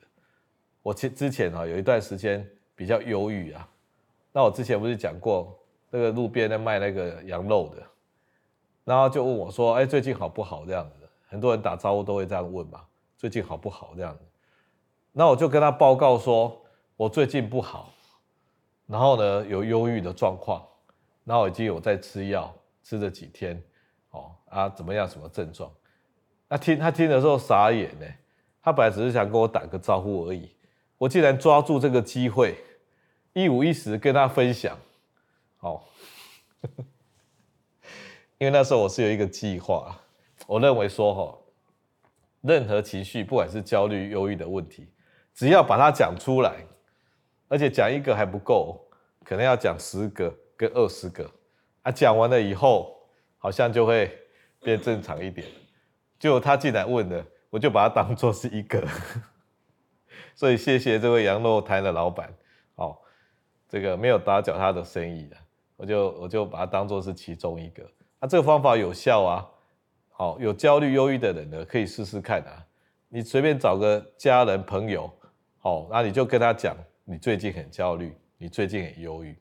我之之前啊有一段時間比較憂鬱啊。那我之前不是講過那個路邊在賣那個羊肉的，然後就問我說：“哎，最近好不好？”這樣子，很多人打招呼都會這樣問嘛，“最近好不好？”這樣子。那我就跟他報告說：“我最近不好。”然後呢，有憂鬱的狀況，然後已經有在吃藥，吃了幾天，哦啊，怎麼樣？什麼症狀？他聽他聽的時候傻眼呢。他本來只是想跟我打個招呼而已，我竟然抓住這個機會，一五一十跟他分享。哦。 [laughs] 因為那時候我是有一個計劃，我認為說哈，任何情緒，不管是焦慮、憂鬱的問題，只要把它講出來。而且講一個還不夠，可能要講十個跟二十個啊。講完了以後，好像就會變正常一點。就他進來問的，我就把它當做是一個。 [laughs] 所以謝謝這位羊肉攤的老闆，哦，這個沒有打攪他的生意的，我就我就把它當做是其中一個。那、啊、這個方法有效啊，好、哦，有焦慮、憂鬱的人呢，可以試試看啊。你隨便找個家人、朋友，好、哦，那你就跟他講。你最近很焦慮，你最近很憂鬱，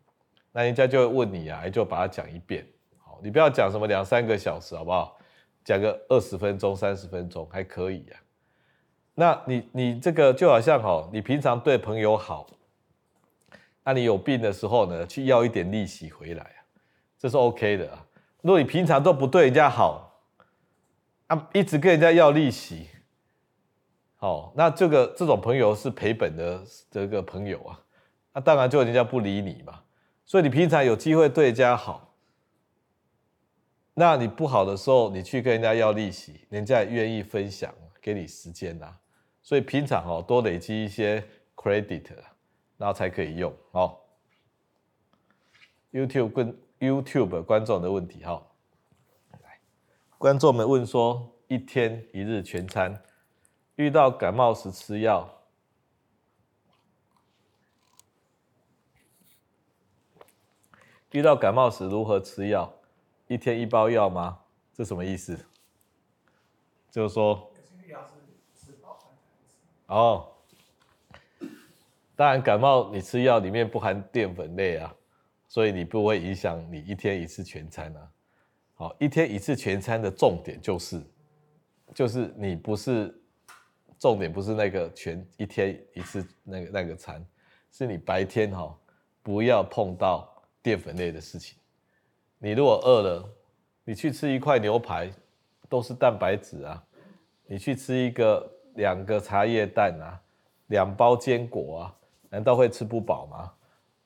那人家就會問你啊，就把它講一遍。好，你不要講什麼兩三個小時，好不好？講個二十分鐘、三十分鐘還可以啊。那你你這個就好像齁，你平常對朋友好，那你有病的時候呢，去要一點利息回來啊，這是 OK 的啊。如果你平常都不對人家好，啊，一直跟人家要利息。哦，那這個這種朋友是賠本的這個朋友啊，那、啊、當然就人家不理你嘛。所以你平常有機會對人家好，那你不好的時候，你去跟人家要利息，人家也願意分享，給你時間啊。所以平常哦，多累積一些 credit，然後才可以用哦。YouTube 跟 YouTube 觀眾的問題哈，來，觀眾們問說，一天一日全餐。遇到感冒時吃藥，遇到感冒時如何吃藥？一天一包藥嗎？這什麼意思？就是說，哦，當然感冒你吃藥裡面不含澱粉類啊，所以你不會影響你一天一次全餐啊。好，一天一次全餐的重點就是，就是你不是。重點不是那個全一天一次那個那個餐，是你白天哈、哦、不要碰到澱粉類的事情。你如果餓了，你去吃一塊牛排，都是蛋白質啊。你去吃一個兩個茶葉蛋啊，兩包堅果啊，難道會吃不飽嗎？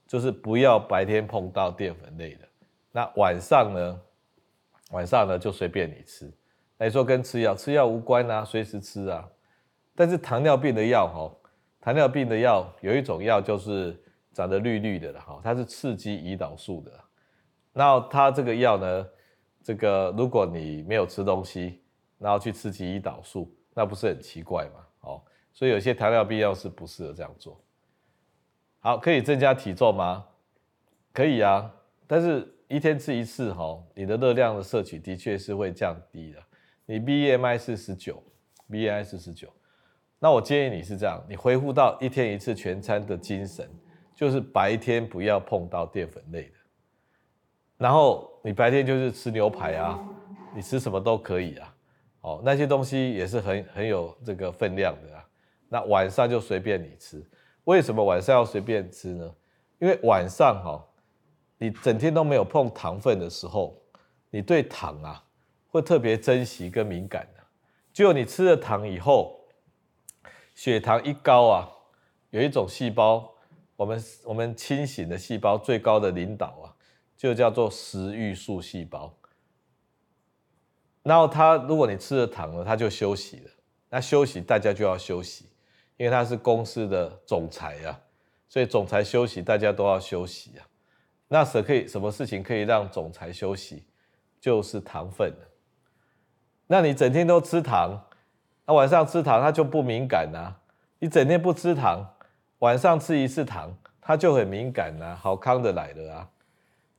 就是不要白天碰到澱粉類的。那晚上呢？晚上呢就隨便你吃。來說跟吃藥吃藥無關啊，隨時吃啊。但是糖尿病的藥哦，糖尿病的藥有一種藥就是長得綠綠的了哈，它是刺激胰島素的。那它這個藥呢，這個如果你沒有吃東西，然後去刺激胰島素，那不是很奇怪嗎？哦，所以有些糖尿病藥是不適合這樣做。好，可以增加體重嗎？可以啊，但是一天吃一次哈，你的熱量的攝取的確是會降低的。你 B M I 是十九，B M I 是十九。那我建議你是這樣：你恢復到一天一次全餐的精神，就是白天不要碰到澱粉類的，然後你白天就是吃牛排啊，你吃什麼都可以啊。哦，那些東西也是很很有這個分量的。啊。那晚上就隨便你吃。為什麼晚上要隨便吃呢？因為晚上哈、哦，你整天都沒有碰糖分的時候，你對糖啊會特別珍惜跟敏感的。就你吃了糖以後，血糖一高啊，有一種細胞，我們我們清醒的細胞最高的領導啊，就叫做食欲素細胞。然後他，如果你吃了糖了，他就休息了。那休息，大家就要休息，因為他是公司的總裁啊。所以總裁休息，大家都要休息啊。那什麼可以？什麼事情可以讓總裁休息？就是糖分。那你整天都吃糖。那晚上吃糖，它就不敏感吶、啊。你整天不吃糖，晚上吃一次糖，它就很敏感吶、啊，好康的來了啊。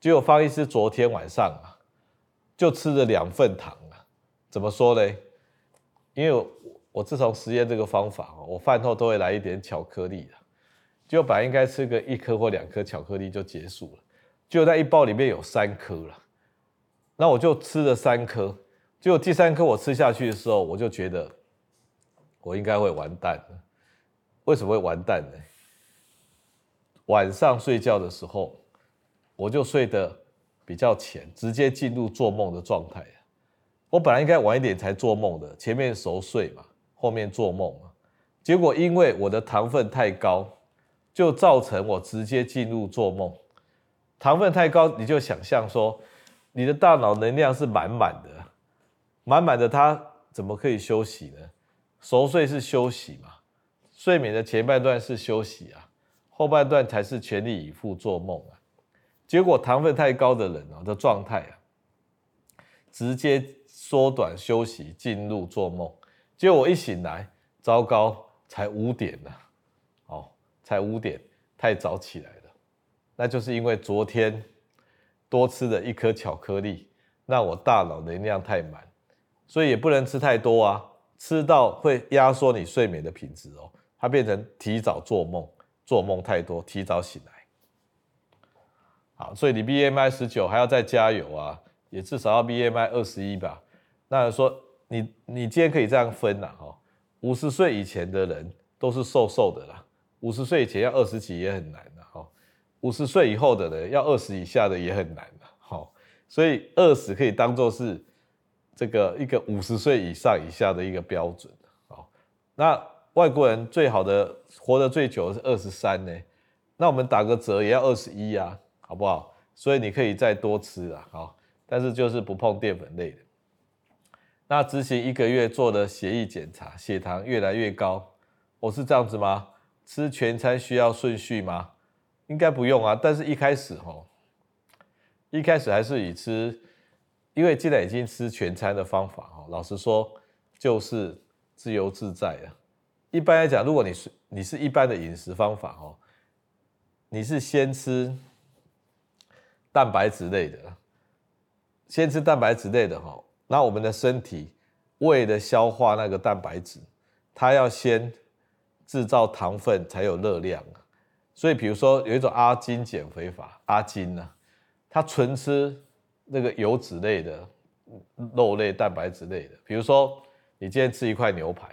結果方醫師昨天晚上啊，就吃了兩份糖啊。怎麼說呢？因為我自從實驗這個方法，我飯後都會來一點巧克力的。就本來應該吃個一顆或兩顆巧克力就結束了，結果那一包裡面有三顆了。那我就吃了三顆，結果第三顆我吃下去的時候，我就覺得。我應該會完蛋了，為什麼會完蛋呢？晚上睡覺的時候，我就睡得比較淺，直接進入做夢的狀態。我本來應該晚一點才做夢的，前面熟睡嘛，後面做夢嘛。結果因為我的糖分太高，就造成我直接進入做夢。糖分太高，你就想象說，你的大腦能量是滿滿的，滿滿的它，它怎麼可以休息呢？熟睡是休息嘛？睡眠的前半段是休息啊，後半段才是全力以赴做夢啊。結果糖分太高的人啊、哦，這狀態啊，直接縮短休息進入做夢。結果我一醒來，糟糕，才五點啊，哦，才五點，太早起來了。那就是因為昨天多吃了一顆巧克力，那我大腦能量太滿，所以也不能吃太多啊。吃到會壓縮你睡眠的品質哦，它變成提早做夢，做夢太多，提早醒來。好，所以你 B M I 十九還要再加油啊，也至少要 B M I 二十一吧。那說你你今天可以這樣分了、啊、哦，五十歲以前的人都是瘦瘦的啦，五十歲以前要二十幾也很難的、啊、哦，五十歲以後的人要二十以下的也很難的、啊，好、哦，所以二十可以當做是。這個一個五十歲以上以下的一個標準，好，那外國人最好的活得最久的是二十三呢，那我們打個折也要二十一啊，好不好？所以你可以再多吃啊，好，但是就是不碰澱粉類的。那執行一個月做的血液檢查，血糖越來越高，我是這樣子嗎？吃全餐需要順序嗎？應該不用啊，但是一開始吼，一開始還是以吃。因為既然已經吃全餐的方法哈，老實說就是自由自在的。一般來講，如果你是你是一般的飲食方法，你是先吃蛋白質類的，先吃蛋白質類的哈，那我們的身體為了消化那個蛋白質，它要先制造糖分才有熱量。所以，比如說有一種阿金減肥法，阿金呢、啊，它純吃。那個油脂類的、肉類、蛋白質類的，比如說你今天吃一塊牛排，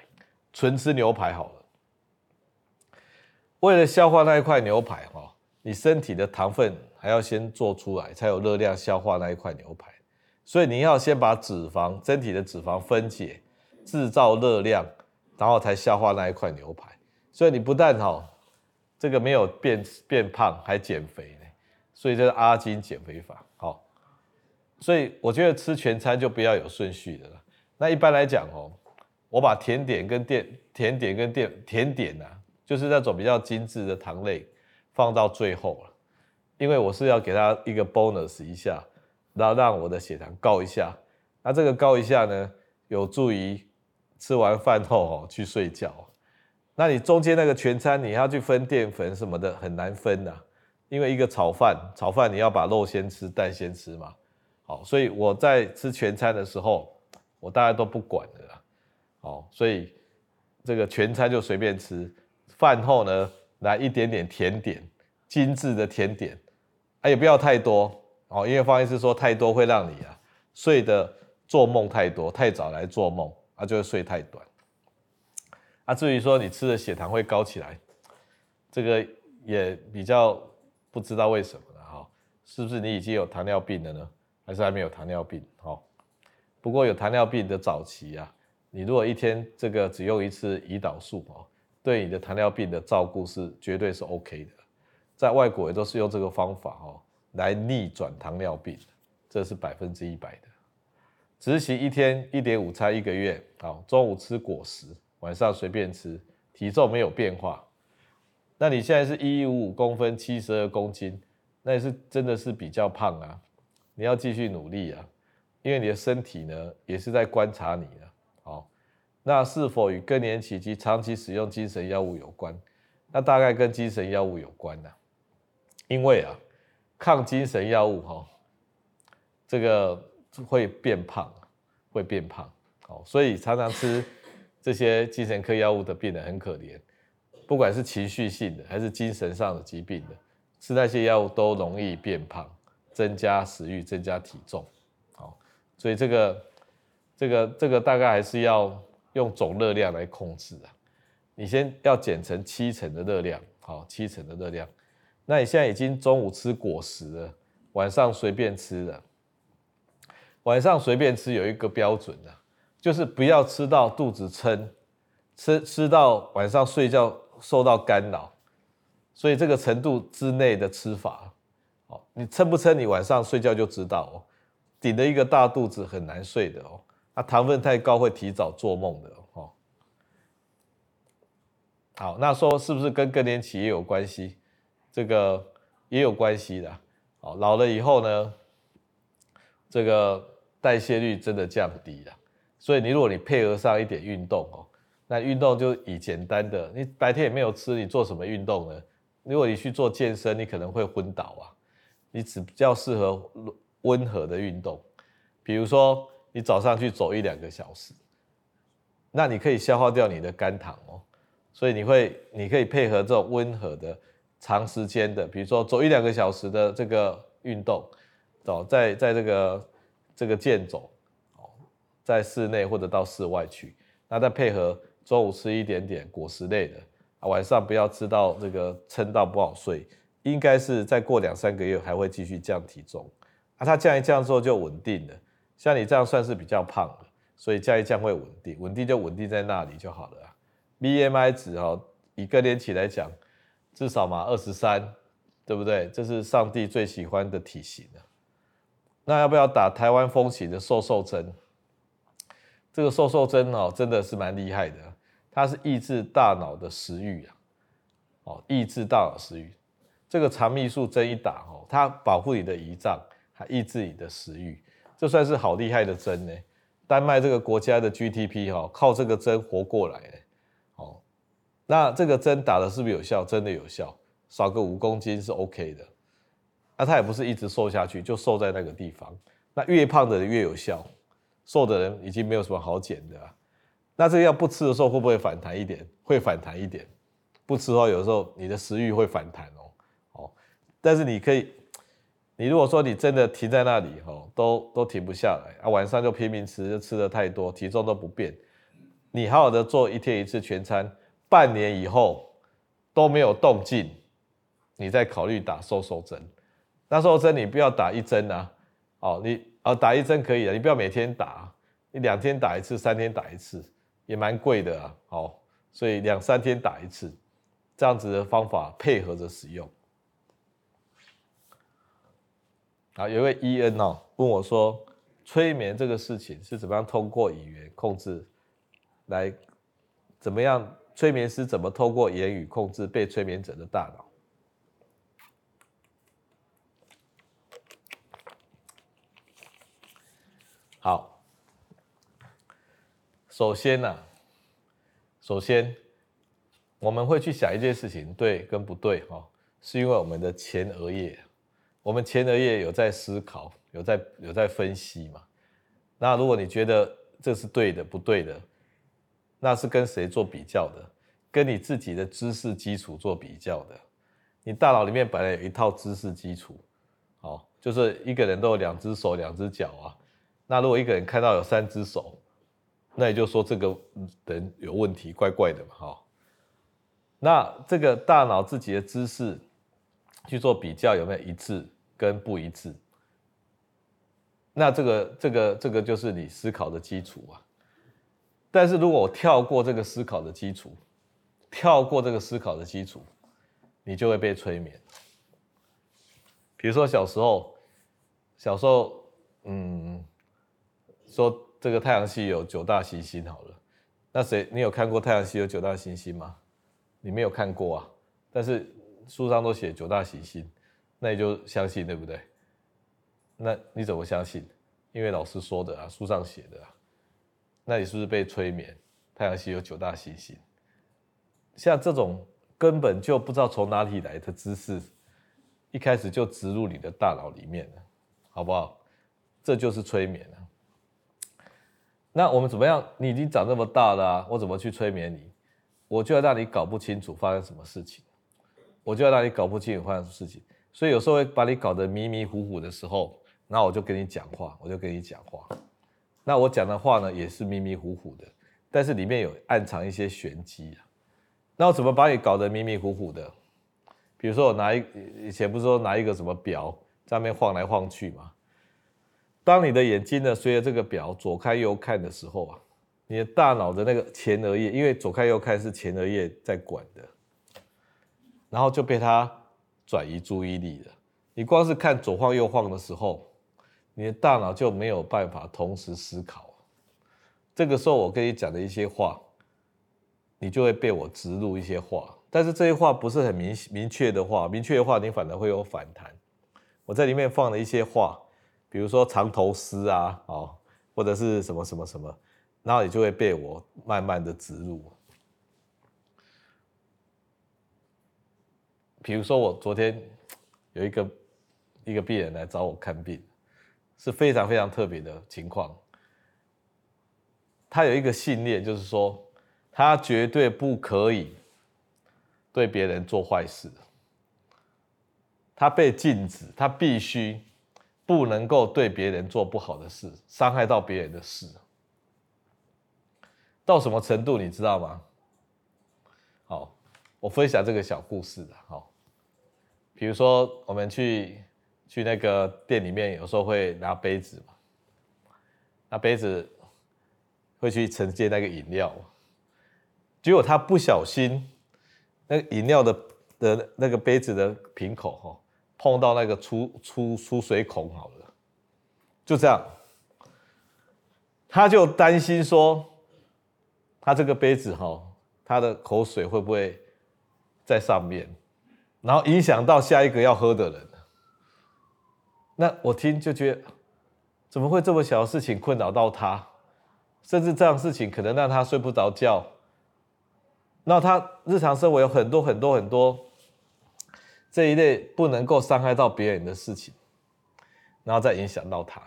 純吃牛排好了。為了消化那一塊牛排，哈，你身體的糖分還要先做出來，才有熱量消化那一塊牛排。所以你要先把脂肪，身體的脂肪分解，製造熱量，然後才消化那一塊牛排。所以你不但哈，這個沒有變變胖，還減肥呢！所以這是阿金減肥法。所以我覺得吃全餐，就不要有順序的了。那一般來講哦，我把甜點跟電甜點跟電甜點吶、啊，就是那種比較精緻的糖類放到最後了，因為我是要給它一個 bonus 一下，然後讓我的血糖高一下。那這個高一下呢，有助於吃完飯後哦去睡覺。那你中間那個全餐你還要去分澱粉什麼的很難分吶、啊，因為一個炒飯，炒飯你要把肉先吃，蛋先吃嘛。好，所以我在吃全餐的時候，我大家都不管的啦。哦，所以這個全餐就隨便吃，飯後呢來一點點甜點，精緻的甜點，啊也不要太多哦，因為方醫師說太多會讓你啊睡的做夢太多，太早來做夢啊就會睡太短。啊，至於說你吃的血糖會高起來，這個也比較不知道為什麼了哈，是不是你已經有糖尿病了呢？還是還沒有糖尿病哦。不過有糖尿病的早期啊，你如果一天這個只用一次胰島素哦，對你的糖尿病的照顧是絕對是 OK 的。在外國也都是用這個方法哦來逆轉糖尿病，這是百分之一百的。執行一天一點五餐一個月好，中午吃果實，晚上隨便吃，體重沒有變化。那你現在是一五五公分，七十二公斤，那也是真的是比較胖啊。你要繼續努力啊，因為你的身體呢也是在觀察你的、啊、哦，那是否與更年期及長期使用精神藥物有關？那大概跟精神藥物有關啊，因為啊，抗精神藥物哈、哦，這個會變胖，會變胖。哦。所以常常吃這些精神科藥物的病人很可憐，不管是情緒性的還是精神上的疾病的，吃那些藥物都容易變胖。增加食欲，增加體重，好，所以這個，這個，這個大概還是要用總熱量來控制啊。你先要減成七成的熱量，好，七成的熱量。那你現在已經中午吃果實了，晚上隨便吃了，晚上隨便吃有一個標準的，就是不要吃到肚子撐，吃吃到晚上睡覺受到干擾，所以這個程度之內的吃法。你撐不撐？你晚上睡覺就知道哦，頂着一個大肚子很難睡的哦。那、啊、糖分太高會提早做夢的哦。好，那說是不是跟更年期也有關係？這個也有關係的。好，老了以後呢，這個代謝率真的降低了。所以你如果你配合上一點運動哦，那運動就以簡單的，你白天也沒有吃，你做什麼運動呢？如果你去做健身，你可能會昏倒啊。你只比較適合溫和的運動，比如說你早上去走一兩個小時，那你可以消化掉你的肝糖哦，所以你會你可以配合這種溫和的長時間的，比如說走一兩個小時的這個運動，走在在這個這個健走哦，在室內或者到室外去，那再配合中午吃一點點果實類的，晚上不要吃到這個撐到不好睡。應該是再過兩三個月還會繼續降體重，啊，它降一降之後就穩定了。像你這樣算是比較胖了，所以降一降會穩定，穩定就穩定在那裡就好了啊。BMI 值哦，以成年人來講，至少嘛二十三，對不對？這是上帝最喜歡的體型啊。那要不要打台灣風行的瘦瘦針？這個瘦瘦針哦，真的是蠻厲害的，它是抑制大腦的食欲啊，哦，抑制大腦食欲。這個腸泌素針一打哦，它保護你的胰臟，它抑制你的食慾，這算是好厲害的針呢。丹麥這個國家的 GDP 哈，靠這個針活過來的。哦，那這個針打的是不是有效？真的有效，少個五公斤是 OK 的。那他也不是一直瘦下去，就瘦在那個地方。那越胖的人越有效，瘦的人已經沒有什麼好減的了。那這個藥不吃的時候會不會反彈一點？會反彈一點。不吃的話，有時候你的食慾會反彈哦。但是你可以，你如果說你真的停在那裡，哈，都都停不下來啊。晚上就拼命吃，就吃的太多，體重都不變。你好好的做一天一次全餐，半年以後都沒有動靜，你再考慮打瘦瘦針。那瘦瘦針你不要打一針啊，哦，你啊、哦、打一針可以啊，你不要每天打，你兩天打一次，三天打一次也蠻貴的啊，哦，所以兩三天打一次，這樣子的方法配合着使用。啊，有一位 E N 哦問我說：“催眠這個事情是怎麼樣通過語言控制來怎麼樣？催眠師怎麼通過言語控制被催眠者的大腦？”好，首先呢、啊，首先我們會去想一件事情，對跟不對哈、哦，是因為我們的前額葉。我們前額葉有在思考，有在有在分析嘛？那如果你覺得這是對的、不對的，那是跟誰做比較的？跟你自己的知識基礎做比較的。你大腦裡面本來有一套知識基礎，好、哦，就是一個人都有兩隻手、兩隻腳啊。那如果一個人看到有三隻手，那也就說這個人有問題，怪怪的嘛，好、哦。那這個大腦自己的知識去做比較，有沒有一致？跟不一致，那這個這個這個就是你思考的基礎啊。但是如果我跳過這個思考的基礎，跳過這個思考的基礎，你就會被催眠。比如說小時候，小時候，嗯，說這個太陽系有九大行星好了。那誰，你有看過太陽系有九大行星嗎？你沒有看過啊，但是書上都寫九大行星。那你就相信，對不對？那你怎麼相信？因為老師說的啊，書上寫的啊。那你是不是被催眠？太陽系有九大行星，像這種根本就不知道從哪裡來的知識，一開始就植入你的大腦裡面了，好不好？這就是催眠了。那我們怎麼樣？你已經長這麼大了啊，我怎麼去催眠你？我就要讓你搞不清楚發生什麼事情，我就要讓你搞不清楚發生什麼事情。所以有時候會把你搞得迷迷糊糊的時候，那我就跟你講話，我就跟你講話。那我講的話呢，也是迷迷糊糊的，但是裡面有暗藏一些玄機啊。那我怎麼把你搞得迷迷糊糊的？比如說我拿一，以前不是說拿一個什麼錶在那邊晃來晃去嗎？當你的眼睛呢隨着這個錶左看右看的時候啊，你的大腦的那個前額葉，因為左看右看是前額葉在管的，然後就被它。轉移注意力的，你光是看左晃右晃的時候，你的大腦就沒有辦法同時思考。這個時候我跟你講的一些話，你就會被我植入一些話，但是這些話不是很明明確的話，明確的話你反而會有反彈。我在裡面放了一些話，比如說藏頭詩啊，哦，或者是什麼什麼什麼，然後你就會被我慢慢的植入。比如說，我昨天有一個一個病人來找我看病，是非常非常特別的情況。他有一個信念，就是說他絕對不可以對別人做壞事。他被禁止，他必須不能夠對別人做不好的事，傷害到別人的事。到什麼程度，你知道嗎？好，我分享這個小故事了，好。比如說，我們去去那個店裡面，有時候會拿杯子嘛。拿杯子會去承接那個飲料，結果他不小心，那個飲料的的那個杯子的瓶口哦，碰到那個出出出水孔好了，就這樣，他就擔心說，他這個杯子哦，他的口水會不會在上面？然後影響到下一個要喝的人，那我聽就覺得，怎麼會這麼小的事情困擾到他，甚至這樣的事情可能讓他睡不着覺。那他日常生活有很多很多很多這一類不能夠傷害到別人的事情，然後再影響到他。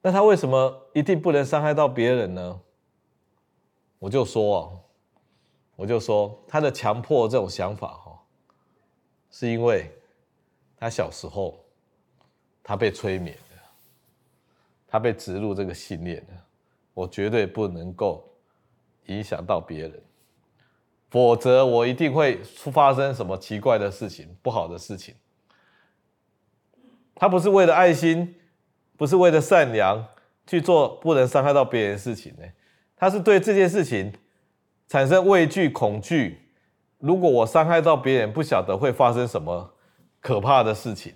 那他為什麼一定不能傷害到別人呢？我就說哦，我就說他的強迫的這種想法哦，哈。是因為他小時候，他被催眠了，他被植入這個信念了，我絕對不能夠影響到別人，否則我一定會發生什麼奇怪的事情、不好的事情。他不是為了愛心，不是為了善良去做不能傷害到別人的事情呢？他是對這件事情產生畏懼、恐懼。如果我傷害到別人，不曉得會發生什麼可怕的事情。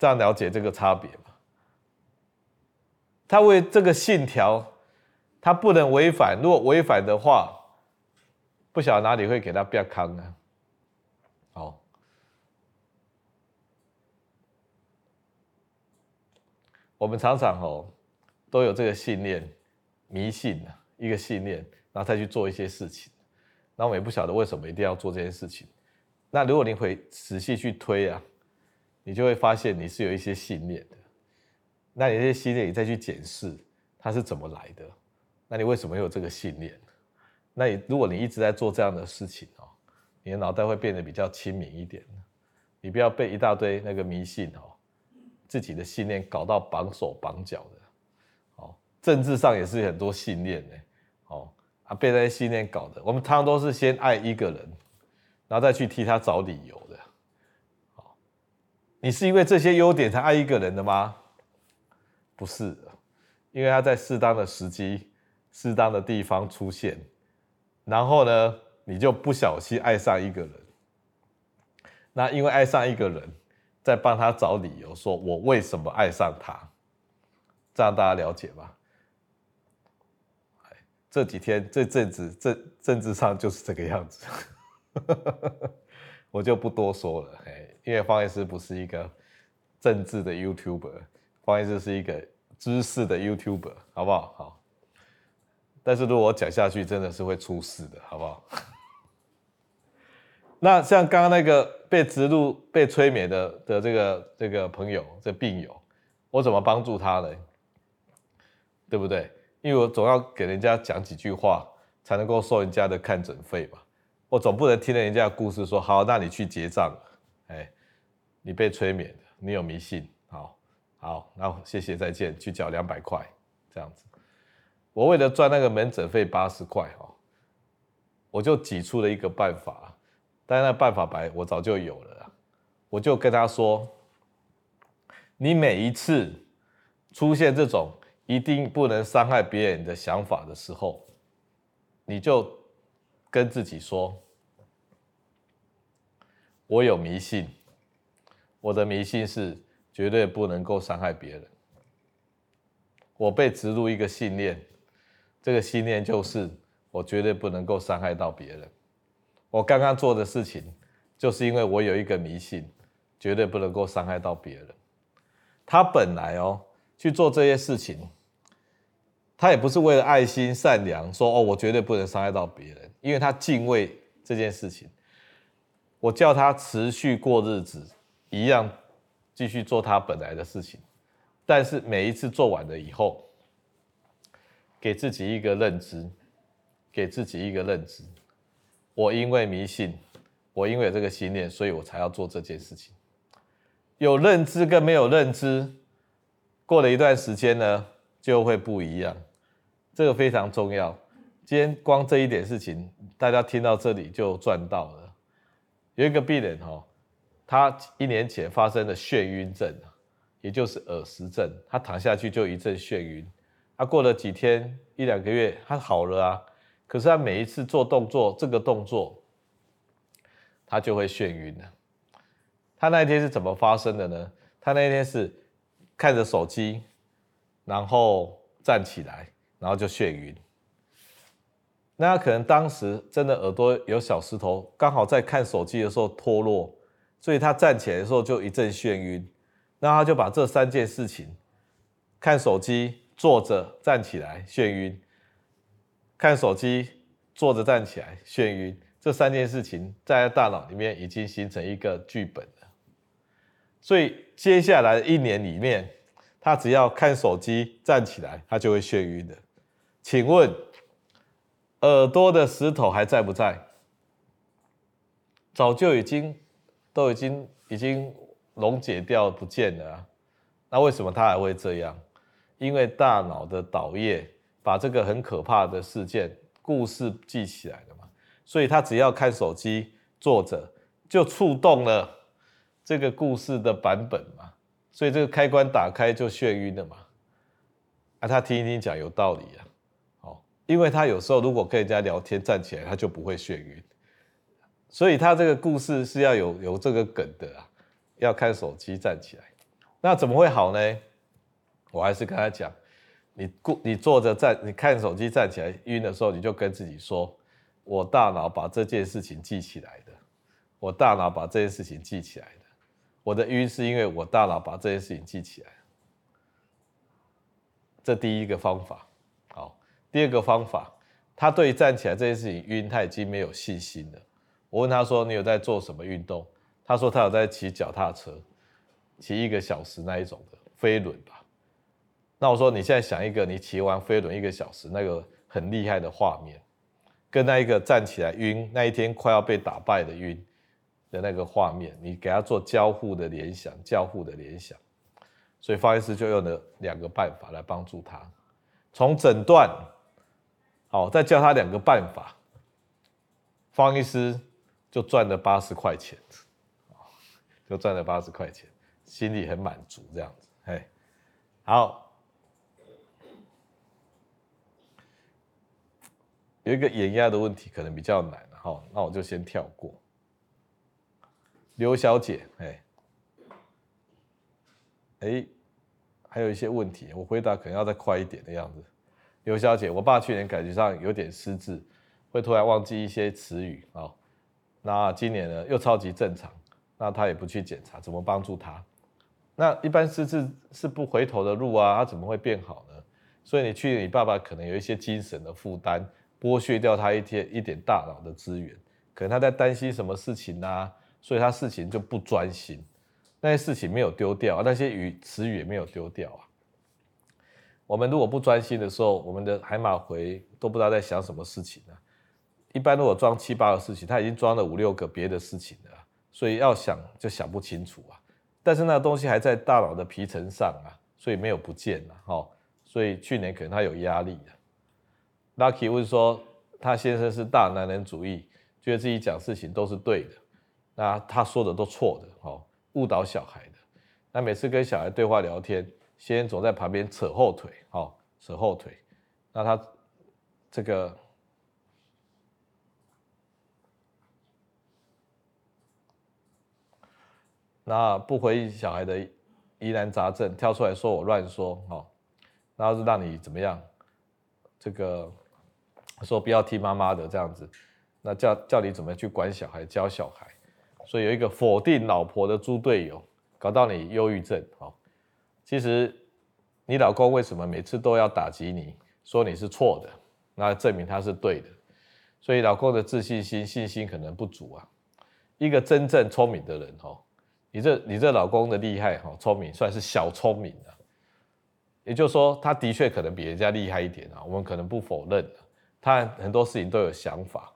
這樣了解這個差別嘛？他為這個信條，他不能違反。如果違反的話，不曉得哪裡會給他變康呢？哦。我們常常哦，都有這個信念、迷信的一個信念，然後再去做一些事情。那我們也不曉得為什麼一定要做這件事情。那如果你會仔細去推啊，你就會發現你是有一些信念的。那你這些信念你再去檢視，它是怎麼來的？那你為什麼有這個信念？那你如果你一直在做這樣的事情哦，你的腦袋會變得比較清明一點。你不要被一大堆那個迷信哦，自己的信念搞到綁手綁腳的。哦。政治上也是很多信念呢、欸。哦啊，被那些信念搞的。我們通常都是先愛一個人，然後再去替他找理由的。好，你是因為這些優點才愛一個人的嗎？不是，因為他在適當的時機、適當的地方出現，然後呢，你就不小心愛上一個人。那因為愛上一個人，再幫他找理由，說我為什麼愛上他，這樣大家了解嗎？這幾天、這陣子、政、政治上就是這個樣子。 [laughs] 我就不多說了，因為方醫師不是一個政治的 YouTuber，方醫師是一個知識的 YouTuber，好不好？好。但是如果我講下去，真的是會出事的，好不好？ [laughs] 那像剛剛那個被植入、被催眠的的這個這個朋友、這個、病友，我怎麼幫助他呢？對不對？因為我總要給人家講幾句話，才能夠收人家的看診費嘛。我總不能聽人家的故事說好，那你去結賬、哎，你被催眠，你有迷信，好，好，那謝謝再見，去繳兩百塊這樣子。我為了賺那個門診費八十塊哦，我就擠出了一個辦法，但那個辦法本來我早就有了，我就跟他說，你每一次出現這種。一定不能傷害別人的想法的時候，你就跟自己說：“我有迷信，我的迷信是絕對不能夠傷害別人。我被植入一個信念，這個信念就是我絕對不能夠傷害到別人。我剛剛做的事情，就是因為我有一個迷信，絕對不能夠傷害到別人。他本來哦。”去做這些事情，他也不是為了愛心、善良，說哦，我絕對不能傷害到別人，因為他敬畏這件事情。我叫他持續過日子，一樣繼續做他本來的事情，但是每一次做完了以後，給自己一個認知，給自己一個認知。我因為迷信，我因為有這個信念，所以我才要做這件事情。有認知跟沒有認知。過了一段時間呢，就會不一樣，這個非常重要。今天光這一點事情，大家聽到這裡就賺到了。有一個病人哈，他一年前發生了眩暈症，也就是耳石症，他躺下去就一陣眩暈。他過了幾天，一兩個月，他好了啊。可是他每一次做動作，這個動作他就會眩暈了。他那一天是怎麼發生的呢？他那一天是，看着手機，然後站起來，然後就眩暈。那他可能當時真的耳朵有小石頭，剛好在看手機的時候脫落，所以他站起來的時候就一陣眩暈。那他就把這三件事情：看手機、坐着、站起來、眩暈；看手機、坐着、站起來、眩暈。這三件事情在他大腦裡面已經形成一個劇本了。所以接下來一年裡面，他只要看手機、站起來，他就會眩暈的。請問，耳朵的石頭還在不在？早就已經，都已經已經溶解掉不見了啊。那為什麼他還會這樣？因為大腦的島葉把這個很可怕的事件故事記起來了嘛。所以他只要看手機坐着，就觸動了。這個故事的版本嘛，所以這個開關打開就眩暈了嘛。啊，他聽一聽講有道理啊，哦，因為他有時候如果跟人家聊天站起來，他就不會眩暈。所以他這個故事是要有有這個梗的啊，要看手機站起來，那怎麼會好呢？我還是跟他講，你過，你坐着站，你看手機站起來暈的時候，你就跟自己說，我大腦把這件事情記起來的，我大腦把這件事情記起來的。我的暈是因為我大腦把這件事情記起來，這第一個方法。好，第二個方法，他對站起來這件事情暈，他已經沒有信心了。我問他說：“你有在做什麼運動？”他說：“他有在騎腳踏車，騎一個小時那一種的飛輪吧。”那我說：“你現在想一個你騎完飛輪一個小時那個很厲害的畫面，跟那一個站起來暈那一天快要被打敗的暈。”的那個畫面，你給他做交互的聯想，交互的聯想，所以方醫師就用了兩個辦法來幫助他從診斷，好、哦，再教他兩個辦法，方醫師就賺了八十塊錢，就賺了八十塊錢，心裡很滿足這樣子嘿，好，有一個眼壓的問題可能比較難哈、哦，那我就先跳過。劉小姐，哎、欸，哎，還有一些問題，我回答可能要再快一點的樣子。劉小姐，我爸去年感覺上有點失智，會突然忘記一些詞語哦，那今年呢，又超級正常，那他也不去檢查，怎麼幫助他？那一般失智是不回頭的路啊，他怎麼會變好呢？所以你去年你爸爸可能有一些精神的負擔，剝削掉他一點一點大腦的資源，可能他在擔心什麼事情呢、啊？所以他事情就不專心，那些事情沒有丟掉啊，那些語詞語也沒有丟掉啊。我們如果不專心的時候，我們的海馬回都不知道在想什麼事情啊。一般如果裝七八個事情，他已經裝了五六個別的事情了，所以要想就想不清楚啊。但是那個東西還在大腦的皮層上啊，所以沒有不見了哦。所以去年可能他有壓力的，Lucky 問說，他先生是大男人主義，覺得自己講事情都是對的。那他說的都錯的，哦，誤導小孩的。那每次跟小孩對話聊天，先總在旁邊扯後腿，好扯後腿。那他這個，那不回應小孩的疑難雜症，跳出來說我亂說，哦，然後是讓你怎麼樣？這個說不要聽媽媽的這樣子，那叫叫你怎麼去管小孩、教小孩。所以有一個否定老婆的豬隊友，搞到你憂鬱症。哦，其實你老公為什麼每次都要打擊你，說你是錯的，那證明他是對的。所以老公的自信心、信心可能不足啊。一個真正聰明的人哦，你這你這老公的厲害哦，聰明算是小聰明的。也就是說，他的確可能比人家厲害一點啊。我們可能不否認他很多事情都有想法。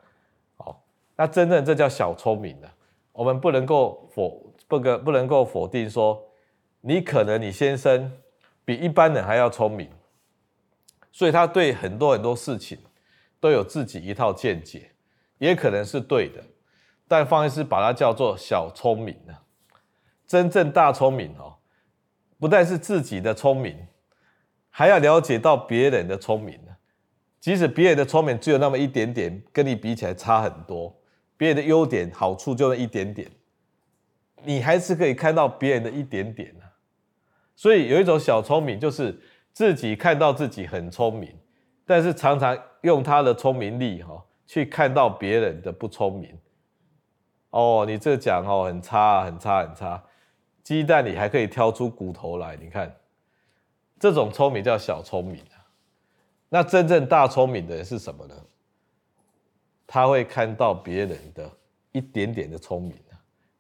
哦，那真正這叫小聰明的啊。我們不能夠否，不能不能夠否定說，你可能你先生比一般人還要聰明，所以他對很多很多事情都有自己一套見解，也可能是對的。但方醫師把它叫做小聰明呢。真正大聰明哦，不但是自己的聰明，還要了解到別人的聰明呢。即使別人的聰明只有那麼一點點，跟你比起來差很多。別人的優點好處就那一點點，你還是可以看到別人的一點點啊，所以有一種小聰明，就是自己看到自己很聰明，但是常常用他的聰明力哈去看到別人的不聰明。哦，你這講哦很差，很差，很差。雞蛋裡還可以挑出骨頭來，你看，這種聰明叫小聰明。那真正大聰明的人是什麼呢？他會看到別人的一點點的聰明，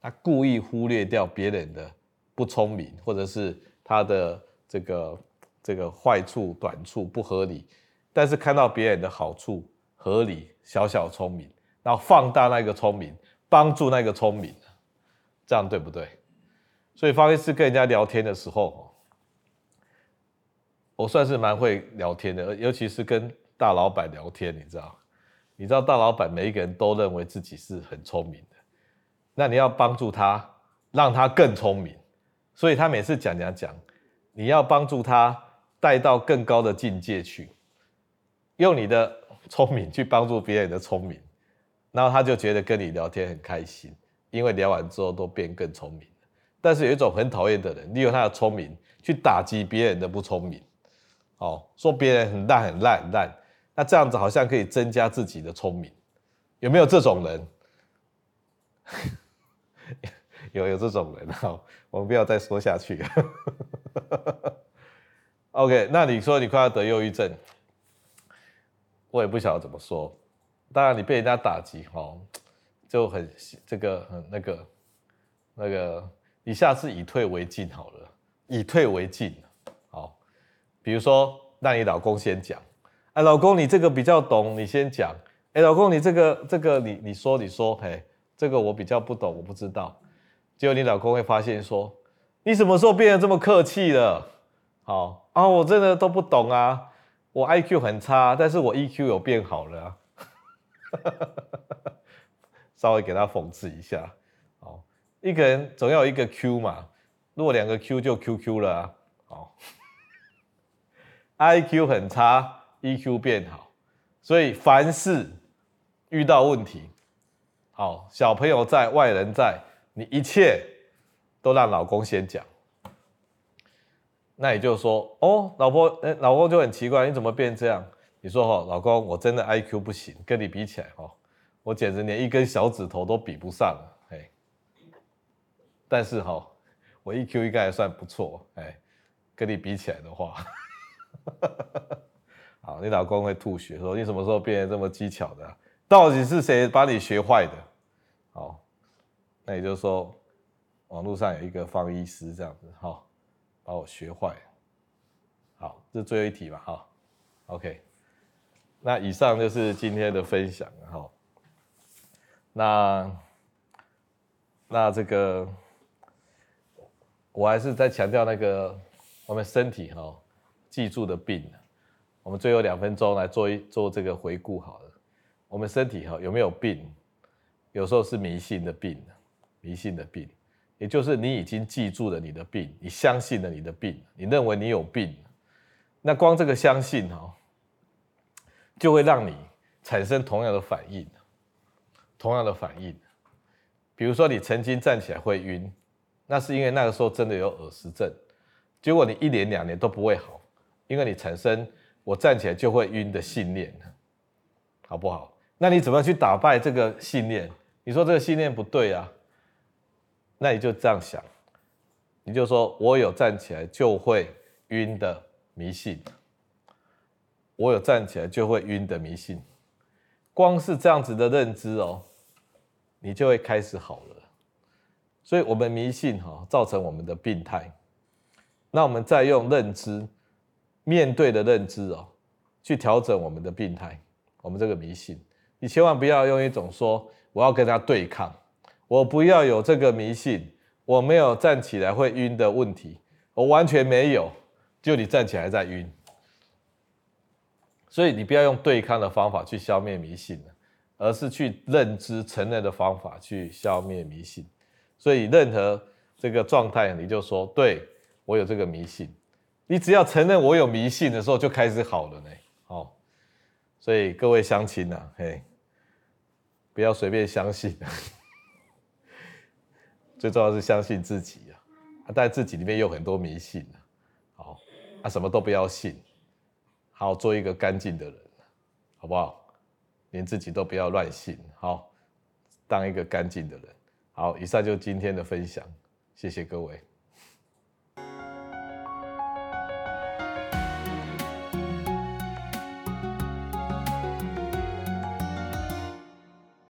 他故意忽略掉別人的不聰明，或者是他的這個這個壞處、短處、不合理，但是看到別人的好處、合理、小小聰明，然後放大那個聰明，幫助那個聰明，這樣對不對？所以，方醫師跟人家聊天的時候，我算是蠻會聊天的，尤其是跟大老闆聊天，你知道。你知道大老闆每一個人都認為自己是很聰明的，那你要幫助他，讓他更聰明，所以他每次講講講，你要幫助他帶到更高的境界去，用你的聰明去幫助別人的聰明，然後他就覺得跟你聊天很開心，因為聊完之後都變更聰明。但是有一種很討厭的人，利用他的聰明去打擊別人的不聰明，哦，說別人很爛很爛很爛。那這樣子好像可以增加自己的聰明，有沒有這種人？ [laughs] 有有這種人。好，我們不要再說下去了。 [laughs] OK，那你說你快要得憂鬱症，我也不曉得怎麼說。當然，你被人家打擊哦，就很這個很那個那個，你下次以退為進好了，以退為進。好，比如說，讓你老公先講。啊、老公，你這個比較懂，你先講。欸，老公，你這個這個，你你說你說嘿，這個我比較不懂，我不知道。結果你老公會發現說，你什麼時候變得這麼客氣了？好啊、哦，我真的都不懂啊，我 IQ 很差，但是我 EQ 有變好了、啊。哈哈哈哈哈，稍微給他諷刺一下。好，一個人總要有一個 Q 嘛，如果兩個 Q 就 QQ 了、啊。好 [laughs] ，IQ 很差。EQ 變好，所以凡事遇到問題，好，小朋友在，外人在，你一切都讓老公先講，那你就說哦，老婆、欸，老公就很奇怪，你怎麼變這樣？你說哦，老公，我真的 IQ 不行，跟你比起來哦，我簡直連一根小指頭都比不上了、欸，但是哈，我 EQ 應該還算不錯，哎、欸，跟你比起來的話。 [laughs] 啊，你老公會吐血，說你什麼時候變得這麼技巧的、啊？到底是誰把你學壞的？好，那也就是說，網絡上有一個方醫師這樣子，哈、哦，把我學壞了。好，這最後一題吧？好、哦、OK。那以上就是今天的分享，哈、哦。那那這個，我還是在強調那個我們身體哈、哦，記住的病。我們最後兩分鐘來做一做這個回顧，好了。我們身體哈有沒有病？有時候是迷信的病，迷信的病，也就是你已經記住了你的病，你相信了你的病，你認為你有病。那光這個相信哈，就會讓你產生同樣的反應，同樣的反應。比如說你曾經站起來會暈，那是因為那個時候真的有耳石症，結果你一年兩年都不會好，因為你產生。我站起來就會暈的信念，好不好？那你怎麼樣去打敗這個信念？你說這個信念不對啊，那你就這樣想，你就說我有站起來就會暈的迷信，我有站起來就會暈的迷信，光是這樣子的認知哦，你就會開始好了。所以，我們迷信哈、哦，造成我們的病態。那我們再用認知。面對的認知哦，去調整我們的病態，我們這個迷信，你千萬不要用一種說我要跟他對抗，我不要有這個迷信，我沒有站起來會暈的問題，我完全沒有，就你站起來在暈。所以你不要用對抗的方法去消滅迷信，而是去認知承認的方法去消滅迷信，所以任何這個狀態你就說對，我有這個迷信。你只要承認我有迷信的時候，就開始好了呢。哦，所以各位鄉親吶，嘿，不要隨便相信。 [laughs] 最重要的是相信自己啊！在、啊、自己裡面有很多迷信啊。好，啊什麼都不要信，好，做一個乾淨的人，好不好？連自己都不要亂信，好，當一個乾淨的人。好，以上就是今天的分享，謝謝各位。